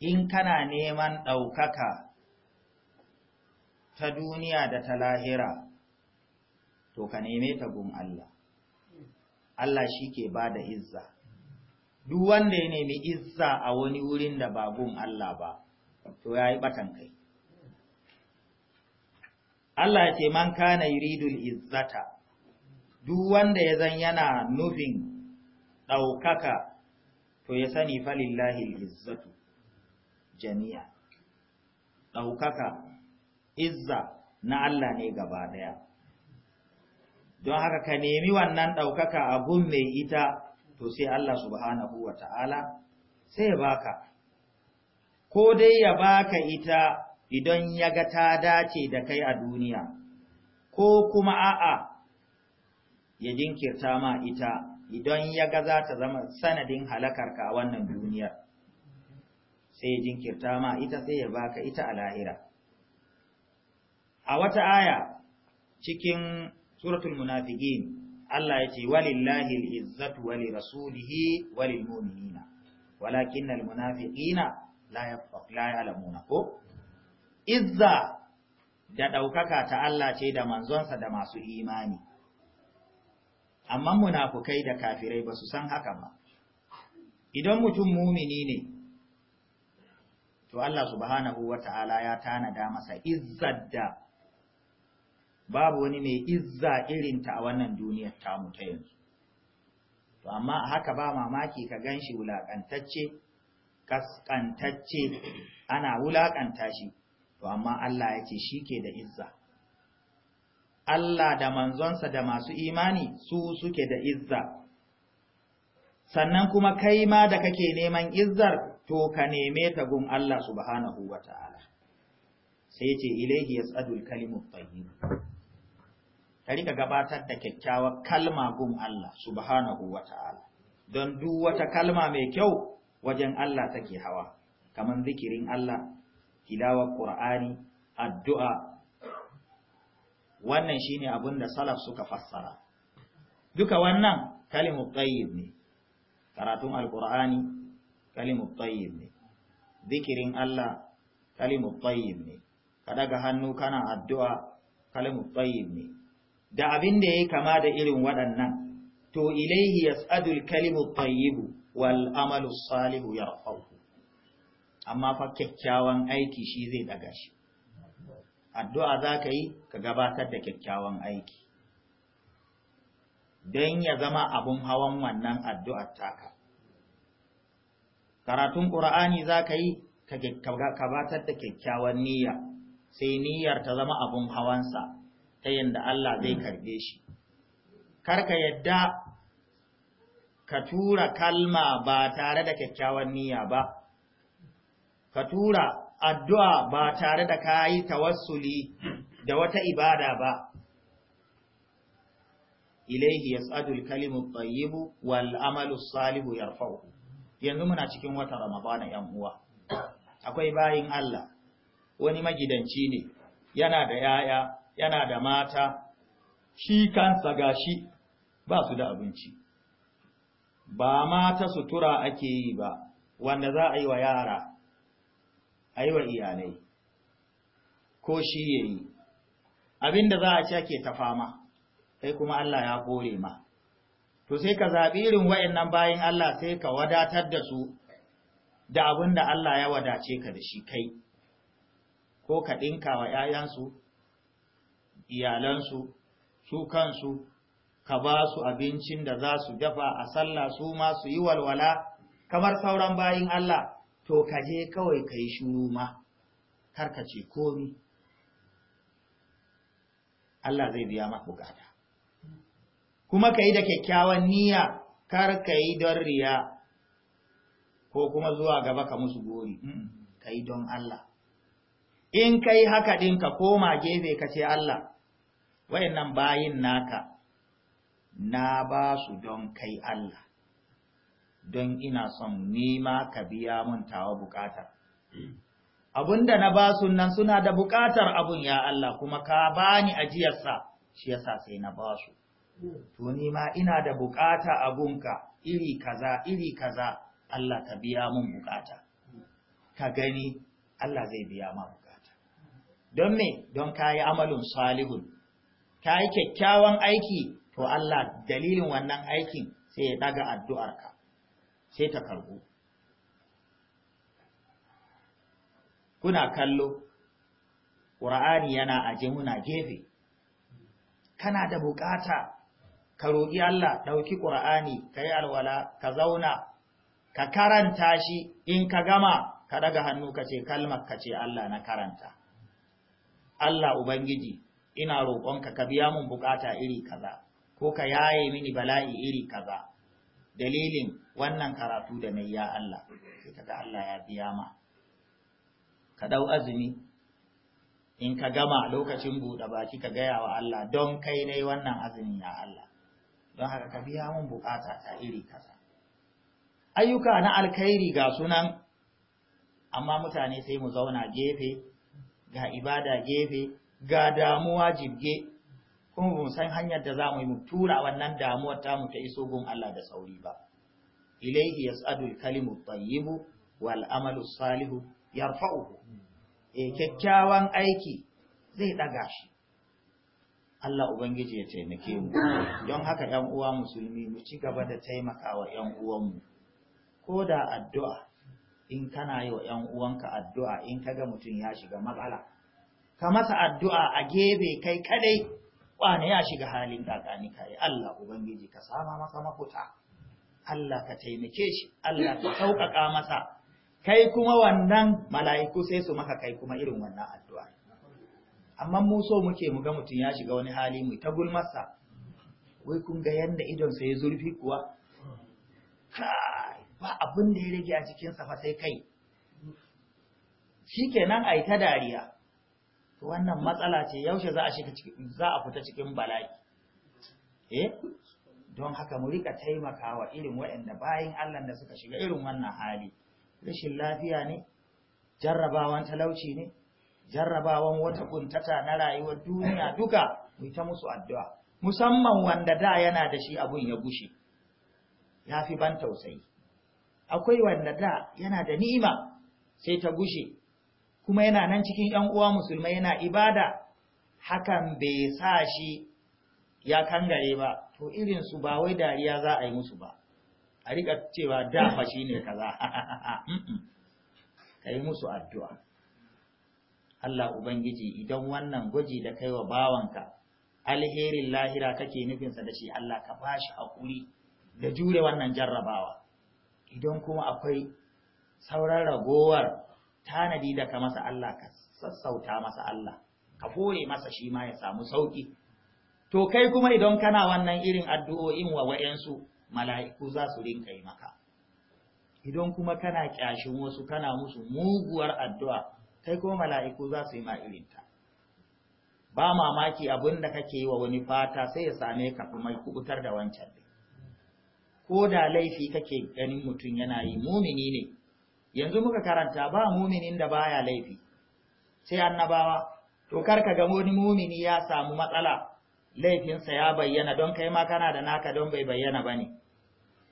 In kana neman ɗaukaka ta duniya da ta lahira, to ka neme ta gun Allah. Allah shi ke ba da izza. Duk wanda ya nemi izza a wani wurin da ba gun Allah ba, to ya yi ɓatan kai. Allah ce man kana yuridul izzata duk wanda ya zan yana nufin ɗaukaka to ya sani falillahi izzatu jami'a ɗaukaka izza na Allah ne gaba ɗaya don haka ka nemi wannan ɗaukaka abun mai ita to sai Allah subhanahu wa ta'ala sai baka ko dai ya baka ita idan ya ga ta dace da kai a duniya, ko kuma a'a ya jinkirta ma ita idan ya ga za ta zama sanadin halakarka a wannan duniyar, sai ya jinkirta ma ita sai ya baka ita a lahira. A wata aya cikin suratul munafiqin Allah ya ce walillahi al'izzatu wali rasulihi walil mu'minina walakin almunafiqina la ya'lamuna ko izza da ɗaukaka ta Allah ce da manzonsa da masu imani. Amma munafukai da kafirai ba su san haka ba. Idan mutum mumini ne, to Allah subhanahu wa ta'ala ya tanada masa izza da babu wani mai izza irinta a wannan duniyar tamu ta yanzu. To, amma haka ba mamaki ka gan shi wulaƙantacce, kaskantacce, ana wulaƙanta shi. to amma Allah ya ce shi ke da izza Allah da manzonsa da masu imani su suke da izza sannan kuma kai ma da kake neman izzar to ka neme ta gun Allah subhanahu wa ta'ala sai ce ilaihi yas'adul kalimut tayyib ka rika gabatar da kyakkyawar kalma gun Allah subhanahu wa ta'ala don duk wata kalma mai kyau wajen Allah take hawa kamar zikirin Allah Kilawar ƙur'ani addu'a wannan shine abin da salaf suka fassara duka wannan kalimu tayyib ne karatun alqur'ani kalimu tayyib ne zikirin Allah kalimu tayyib ne ka daga hannu kana addu'a kalimu tayyib ne da abin da yayi kama da irin waɗannan to ilaihi yas'adul kalimu tayyibu wal amalu salihu yarfa'u amma fa kyakkyawan aiki shi zai daga shi addu'a za ka yi ka gabatar da kyakkyawan aiki don ya zama abun hawan wannan addu'ar taka karatun ƙura'ani za ka yi ka gabatar da kyakkyawan niyya sai niyyar ta zama abun hawansa ta yadda Allah zai karbe shi Kar ka yadda ka tura kalma ba tare da kyakkyawan niyya ba ka tura addu'a ba tare da ka yi tawassuli da wata ibada ba. Ilaihi ya tsadul kalimun tsayibu wal salihu ya Yanzu muna cikin wata Ramadana ‘yan uwa, akwai bayin Allah, wani magidanci ne, yana da ‘ya'ya, yana da mata, shi kansa gashi ba su da abinci. Ba mata sutura ake yi ba, wanda za a yi wa yara. aiwa iyalai ko shi yayi abinda za a ci ake ta fama sai kuma Allah ya kore ma to sai ka zaɓi irin wayannan bayan Allah sai ka wadatar da su da abin da Allah ya wadace ka da shi kai ko ka ɗinka wa 'ya'yansu iyalansu su kansu ka ba su abincin da za su dafa a sallah su ma su yi walwala kamar sauran bayan Allah to ka je kawai ka yi shuru ma kar ka ce komi Allah zai biya maka bukata kuma ka yi da kyakkyawan niyya kar ka yi don riya ko kuma zuwa gaba ka musu gori ka yi don Allah in ka yi haka ɗin ka koma gefe ka ce Allah wayannan bayin naka na ba su don kai Allah don ina son nima ka biya mun tawa hmm. Abin da na ba nan suna da bukatar abun ya Allah kuma ka bani ajiyarsa shi yasa sai na ba su. Hmm. To nima ina da bukata abunka iri kaza iri kaza Allah ka biya mun bukata. Hmm. Ka gani Allah zai biya ma bukata. Don me don ka yi amalin salihun, ka yi kyakkyawan aiki to Allah dalilin wannan aikin sai ya daga addu'arka. sai ta karbu kuna kallo ƙura'ani yana aje muna gefe kana da bukata ka roƙi Allah ɗauki ƙura'ani ka yi alwala ka zauna ka karanta shi in ka gama ka daga hannu ka ce kalmar ka ce Allah na karanta Allah Ubangiji ina roƙonka ka biya mun bukata iri kaza ko ka yaye mini bala'i iri kaza dalilin wannan karatu da na ya Allah sai kaga Allah ya biya ma ka dau azumi in ka gama lokacin bude baki ka gaya wa Allah don kai nai wannan azumi ya Allah don haka ka biya mun bukata ta iri kaza ayyuka na alkhairi ga sunan amma mutane sai mu zauna gefe ga ibada gefe ga damuwa jibge kuma ba mu san hanyar da za mu yi mu tura wannan damuwar tamu ta iso gun Allah da sauri ba ilaihi yas'adu al-kalimu tayyibu wal amalu salihu yarfa'uhu e kyakkyawan aiki zai daga shi Allah ubangiji ya taimake mu don haka 'yan uwa musulmi mu ci gaba da taimakawa 'yan uwanmu ko da addu'a in kana yi wa ‘yan uwanka addu'a in ka ga mutum ya shiga matsala, ka masa addu'a a gebe kai kadai wane ya shiga halin kakani kai Allah ubangiji ka sama masa mafuta Allah ka taimake shi Allah ka sauƙaƙa masa kai kuma wannan mala'iku sai su maka kai kuma irin wannan addu'a amma mu so muke mu ga mutum ya shiga wani hali mu ta gulmarsa wai kun ga yanda idon sa ya zurfi kuwa kai ba abin da ya rage a cikin sa fa sai kai shikenan ai ta dariya wannan matsala ce yaushe za a shiga za a fita cikin bala'i eh don haka mu rika taimakawa irin waɗanda bayin Allah da suka shiga irin wannan hali rashin lafiya ne jarrabawan talauci ne jarrabawan wata kuntata na rayuwar duniya duka mu ta musu addu'a musamman wanda da yana da shi abun ya gushe ya fi ban tausayi akwai wanda da yana da ni'ima sai ta gushe kuma yana nan cikin ‘yan uwa musulmai yana ibada hakan bai sa shi ya kangare ba to irinsu ba wai dariya za a yi musu ba a riƙa cewa dafa shi ne kaza (laughs) ka yi musu addu'a Allah Ubangiji idan wannan gwaji da kai wa bawanka alherin lahira kake nufinsa da shi Allah ka ba shi haƙuri da jure wannan jarrabawa idan kuma akwai sauran ragowar tanadi da ka masa Allah ka sassauta masa Allah ka fure masa shi ma ya samu sauki to kai kuma idan kana wannan irin addu'o'in wa wa'yansu mala'iku za su rinka yi maka idan kuma kana kyashin wasu kana musu muguwar addu'a kai kuma mala'iku za su yi ma irinta ba mamaki abin da kake yi wa wani fata sai ya same ka kuma kubutar da wancan ko da laifi kake ganin mutum yana yi mumini ne yanzu muka karanta ba muminin da baya laifi sai annabawa to kar ka ga wani mumini ya samu matsala laifinsa ya bayyana don kai ma kana da naka don bai bayyana bane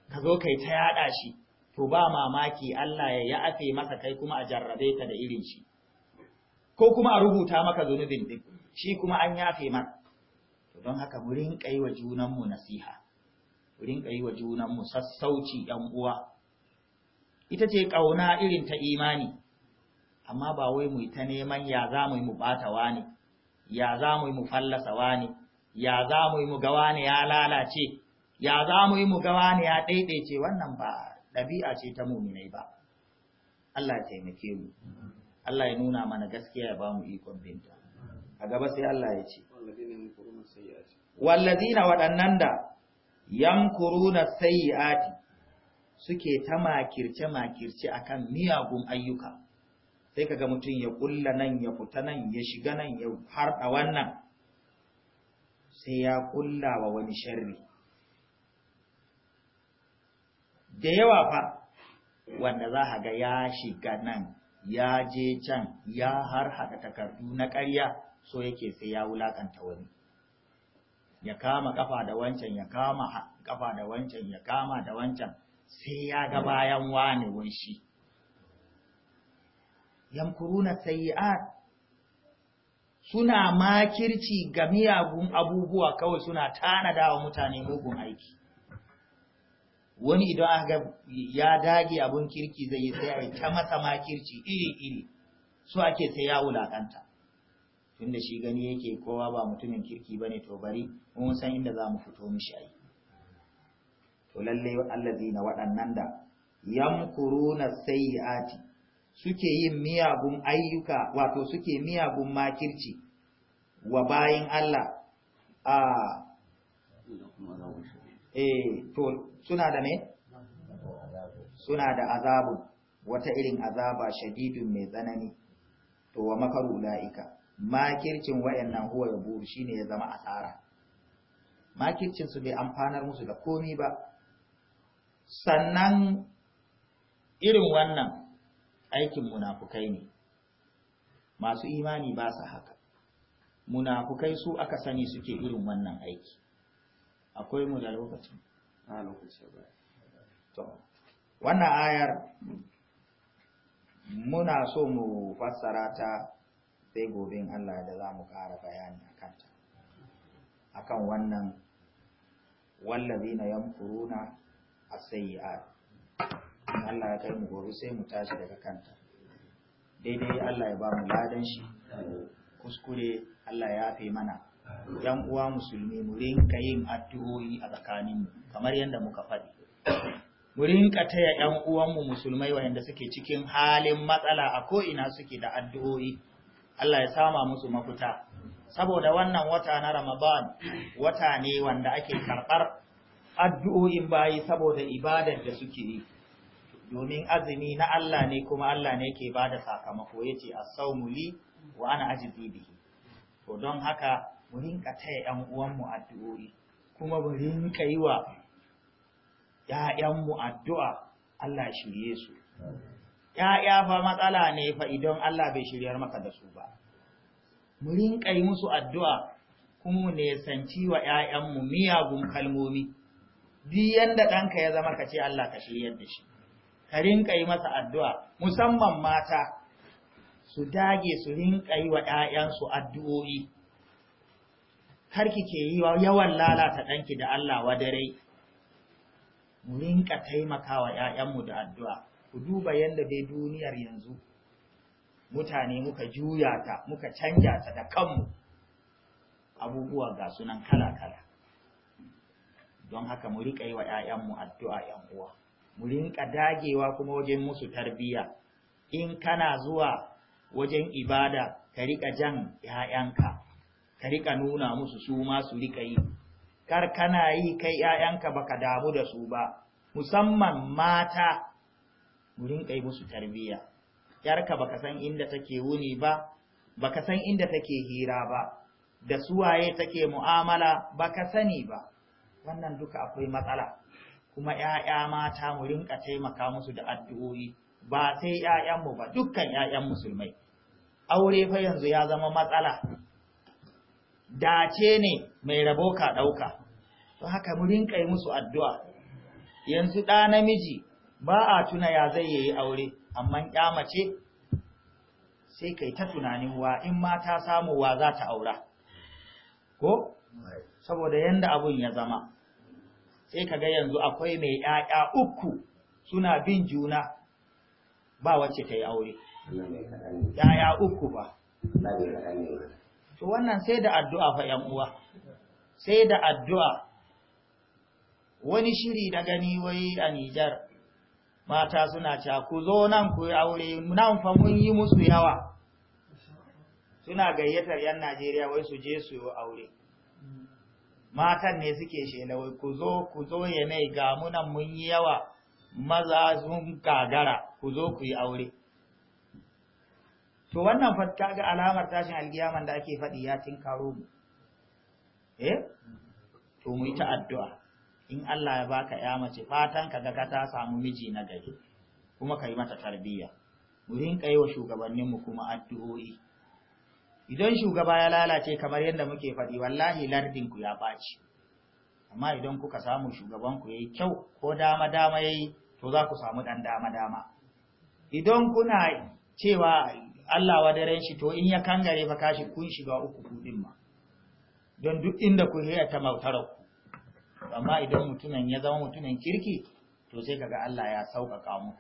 ka zo kai ta yada shi to ba mamaki Allah ya yafe masa kai kuma a jarrabe ka da irin shi ko kuma a rubuta maka zunubin din shi kuma an yafe maka to don haka mu rinka yi wa junanmu nasiha mu rinka yi wa junanmu sassauci yan uwa ita ce ƙauna irin ta imani amma ba wai mu ta neman ya za mu yi mu ɓata wani ya za mu yi mu fallasa wani ya za mu yi mu ga wani ya lalace ya za mu yi mu ga wani ya ɗaiɗaice wannan ba ɗabi'a ce ta muminai ba Allah ya taimake mu Allah ya nuna mana gaskiya ya ba mu ikon binta a gaba sai Allah ya ce wallazina waɗannan da yankuruna ati? suke ta makirce-makirce akan miyagun ayyuka sai kaga mutum ya kulla nan ya fita nan ya shiga nan ya harda wannan sai ya kulla wa wani sharri da yawa fa wanda za ga ya shiga nan ya je can ya har takardu na ƙarya so yake sai ya wulakanta wani ya kama kafa da wancan ya kama kafa da wancan ya kama da wancan sai ya ga bayan wane wunshi yamkuruna sayi'at suna makirci ga miyagun abubuwa kawai suna tanada wa mutane mugun aiki wani idan aka ya dage abun kirki zai yi sai a ta masa makirci iri-iri su ake sai ya wulakanta tunda shi gani yake kowa ba mutumin kirki ba ne to bari mun san inda za mu fito mishi aiki to lalle allazina waɗannan da yamkuruna sayyiati suke yin miyagun ayyuka wato suke miyagun makirci wa bayin Allah a eh to suna da ne suna da azabu wata irin azaba shadidun mai tsanani to wa makaru la'ika makircin wayannan huwa yabu shine ya zama asara makircin su bai amfanar musu da komai ba sannan irin wannan aikin munafukai ne masu imani ba su haka munafukai su aka sani suke irin wannan aiki akwai mu da lokacin wannan ayar muna so mu fassara ta sai gobe Allah da za mu ƙara bayani a kanta akan wannan wallazina yamkuruna as Allah ya kai mu gobe sai mu tashi daga kanta daidai Allah ya ba mu ladan shi kuskure Allah ya fi mana yan uwa musulmi mu rinka yin addu'o'i a tsakanin mu kamar yadda muka faɗi mu rinka taya yan uwanmu musulmai wayanda suke cikin halin matsala a ko ina suke da addu'o'i Allah ya sama musu mafuta saboda wannan wata na Ramadan wata ne wanda ake karɓar addu'o'in bayi saboda ibadar da suke yi domin azumi na Allah ne kuma Allah ne ke da sakamako yace ce, sau li wa ana aji bihi to don haka mu rinka taya 'yan uwanmu addu'o'i kuma mu rinka yi wa ‘ya'yanmu addu'a Allah shirye su ‘ya'ya fa matsala ne fa idan Allah bai shiryar maka da su ba mu rinka yi musu addu'a kuma mu sanci wa ‘ya'yanmu miyagun kalmomi duk yanda ɗanka ya zama ka ce Allah ka shiryar da shi ka rinka yi masa addu'a musamman mata su dage su rinka yi wa ‘ya'yansu addu'o'i har kike yi wa yawan lalata ɗanki da Allah wa dare mu rinka taimaka wa ‘ya'yanmu da addu'a ku duba yadda dai duniyar yanzu mutane muka juya ta muka canja ta da kanmu abubuwa ga sunan kala-kala don haka mu riƙa yi wa 'ya'yanmu addu'a 'yan mu rinka dagewa kuma wajen musu tarbiyya in kana zuwa wajen ibada ka riƙa jan 'ya'yanka ka riƙa nuna musu su ma su riƙa yi kar kana yi kai 'ya'yanka baka damu da su ba musamman mata mu rinka yi musu tarbiyya yarka baka san inda take wuni ba baka san inda take hira ba da suwaye take mu'amala baka sani ba wannan duka akwai matsala kuma ‘ya'ya mata mu rinka taimaka musu da addu'o'i ba sai ‘ya'yanmu ba dukkan ‘ya'yan musulmai aure fa yanzu ya zama matsala dace ne mai rabo ka ɗauka to haka mu rinka yi musu addu'a yanzu ɗa namiji ba a tuna ya zai yi aure amma ‘ya mace sai kai ta tunanin wa in mata ta samu wa za ta aura ko saboda yanda abun ya zama sai kaga yanzu akwai mai ‘ya'ya uku suna bin juna ba wacce ta yi aure. ‘Ya'ya uku ba. To wannan sai da addu'a fa ‘yan uwa, sai da addu'a wani shiri na gani wai a Nijar mata suna ca ku zo nan ku yi aure nan fa mun yi musu yawa. Suna gayyatar ‘yan Najeriya wai su je su yi aure. matan ne suke shelawai ku zo ku zo ya mai gamunan mun yi yawa maza sun gagara ku zo ku yi aure to wannan ta ga alamar tashin alkiyaman da ake faɗi ya tinkaro mu eh to mu yi ta addu'a in Allah ya baka ya mace fatan ka ga ka ta samu miji na gari kuma ka yi mata tarbiyya mu rinka yi wa shugabanninmu kuma addu'o'i idan shugaba ya lalace kamar yadda muke faɗi wallahi lardinku ya ɓaci amma idan kuka samu shugabanku ya yi kyau ko dama-dama ya yi to za ku samu ɗan dama-dama idan kuna cewa Allah wa daren shi to in ya kangare fa kashi kun shiga uku kudin ma don duk inda ku yi ta mautarar ku amma idan mutumin ya zama mutumin kirki to sai kaga Allah ya sauƙaƙa mu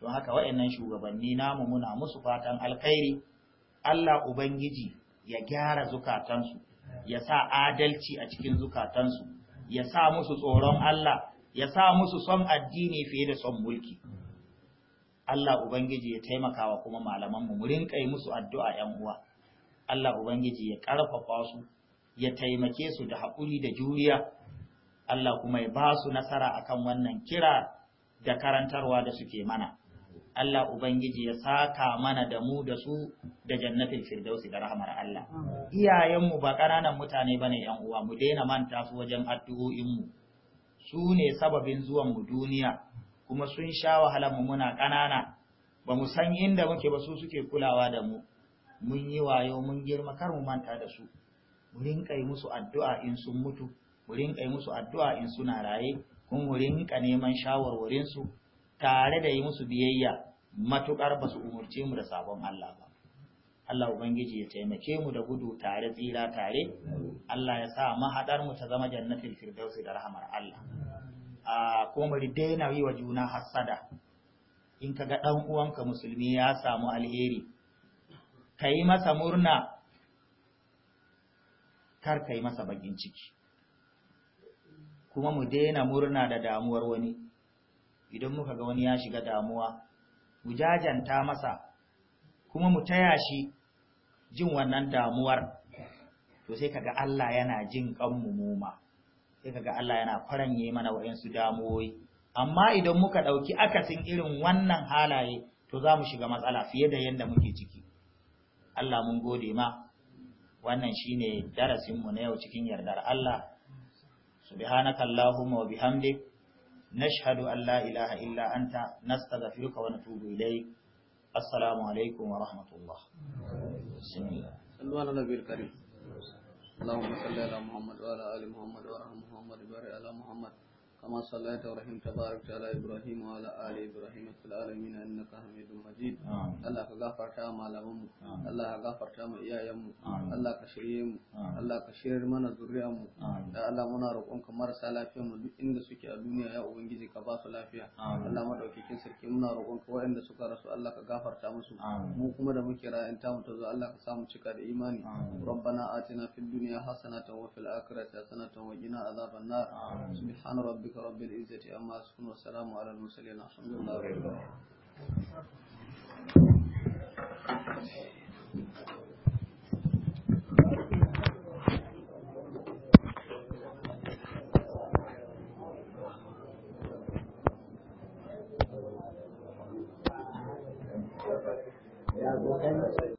don haka waɗannan shugabanni namu muna musu fatan alkhairi Allah Ubangiji ya gyara zukatansu, ya sa adalci a cikin zukatansu, ya sa musu tsoron Allah, ya sa musu son addini fiye da son mulki. Allah Ubangiji ya taimaka wa kuma malamanmu, mu rinƙa musu addu'a ‘yan uwa. Allah Ubangiji ya ƙarfafa su, ya taimake su da haƙuri da juriya, Allah kuma ya ba su nasara akan wannan kira da karantarwa da suke mana. Allah Ubangiji ya saka mana da mu da su da jannatin firdausi da rahmar Allah. Iyayenmu ba ƙananan mutane ba ne uwa mu daina manta su wajen addu'o'inmu, su ne sababin zuwanmu duniya, kuma sun sha wahalarmu muna ƙanana, ba mu san inda muke ba su suke kulawa da mu, mun yi wayo mun girma kar mu manta da su, mu rinƙa yi musu addu'a in sun mutu, mu rinƙa yi musu addu'a in suna raye, kuma mu rinƙa neman shawarwarinsu, tare da yi musu biyayya matuƙar ba su umurce mu da sabon Allah ba. Allah Ubangiji ya taimake mu da gudu tare tsira tare, Allah ya sa mahaɗar mu ta zama jannatin firdausi da rahamar Allah. A kuma mu daina yi wa juna hassada, in ka ga ɗan uwanka musulmi ya samu alheri, ka yi masa murna, kar ka yi masa bakin ciki. Kuma mu daina murna da damuwar wani. idan muka ga wani ya shiga damuwa mu jajanta masa kuma mu taya shi jin wannan damuwar to sai kaga Allah yana jin kanmu muma sai kaga Allah yana faranye mana su damuwoyi amma idan muka ɗauki akasin irin wannan halaye to za mu shiga matsala fiye da yanda muke ciki Allah mun gode ma wannan shine mu na yau cikin yardar Allah subhanakallahumma wa bihamdika نشهد أن لا إله إلا أنت نستغفرك ونتوب إليك السلام عليكم ورحمة الله بسم الله صلوا على النبي الكريم اللهم صل على محمد وعلى آل محمد وعلى محمد وبارك على محمد كما صليت ورحمت بارك على ابراهيم وعلى ال ابراهيم في العالمين انك حميد مجيد الله كغفرتا مالهم الله كغفرتا ما ايايم الله كشريم الله كشير mana zuriyar mu da Allah muna roƙon ka marasa lafiyar mu duk inda suke a duniya ya ubangiji ka basu su lafiya Allah madaukakin sarki muna roƙon ka waɗanda suka rasu Allah ka gafarta musu mu kuma da muke ra'ayin ta mu ta zo Allah ka samu cika da imani rabbana atina fid dunya hasanatan wa fil akhirati hasanatan wa qina adhaban nar subhana ربك رب العزة عما يصفون والسلام على المرسلين الحمد لله رب العالمين Yeah, well,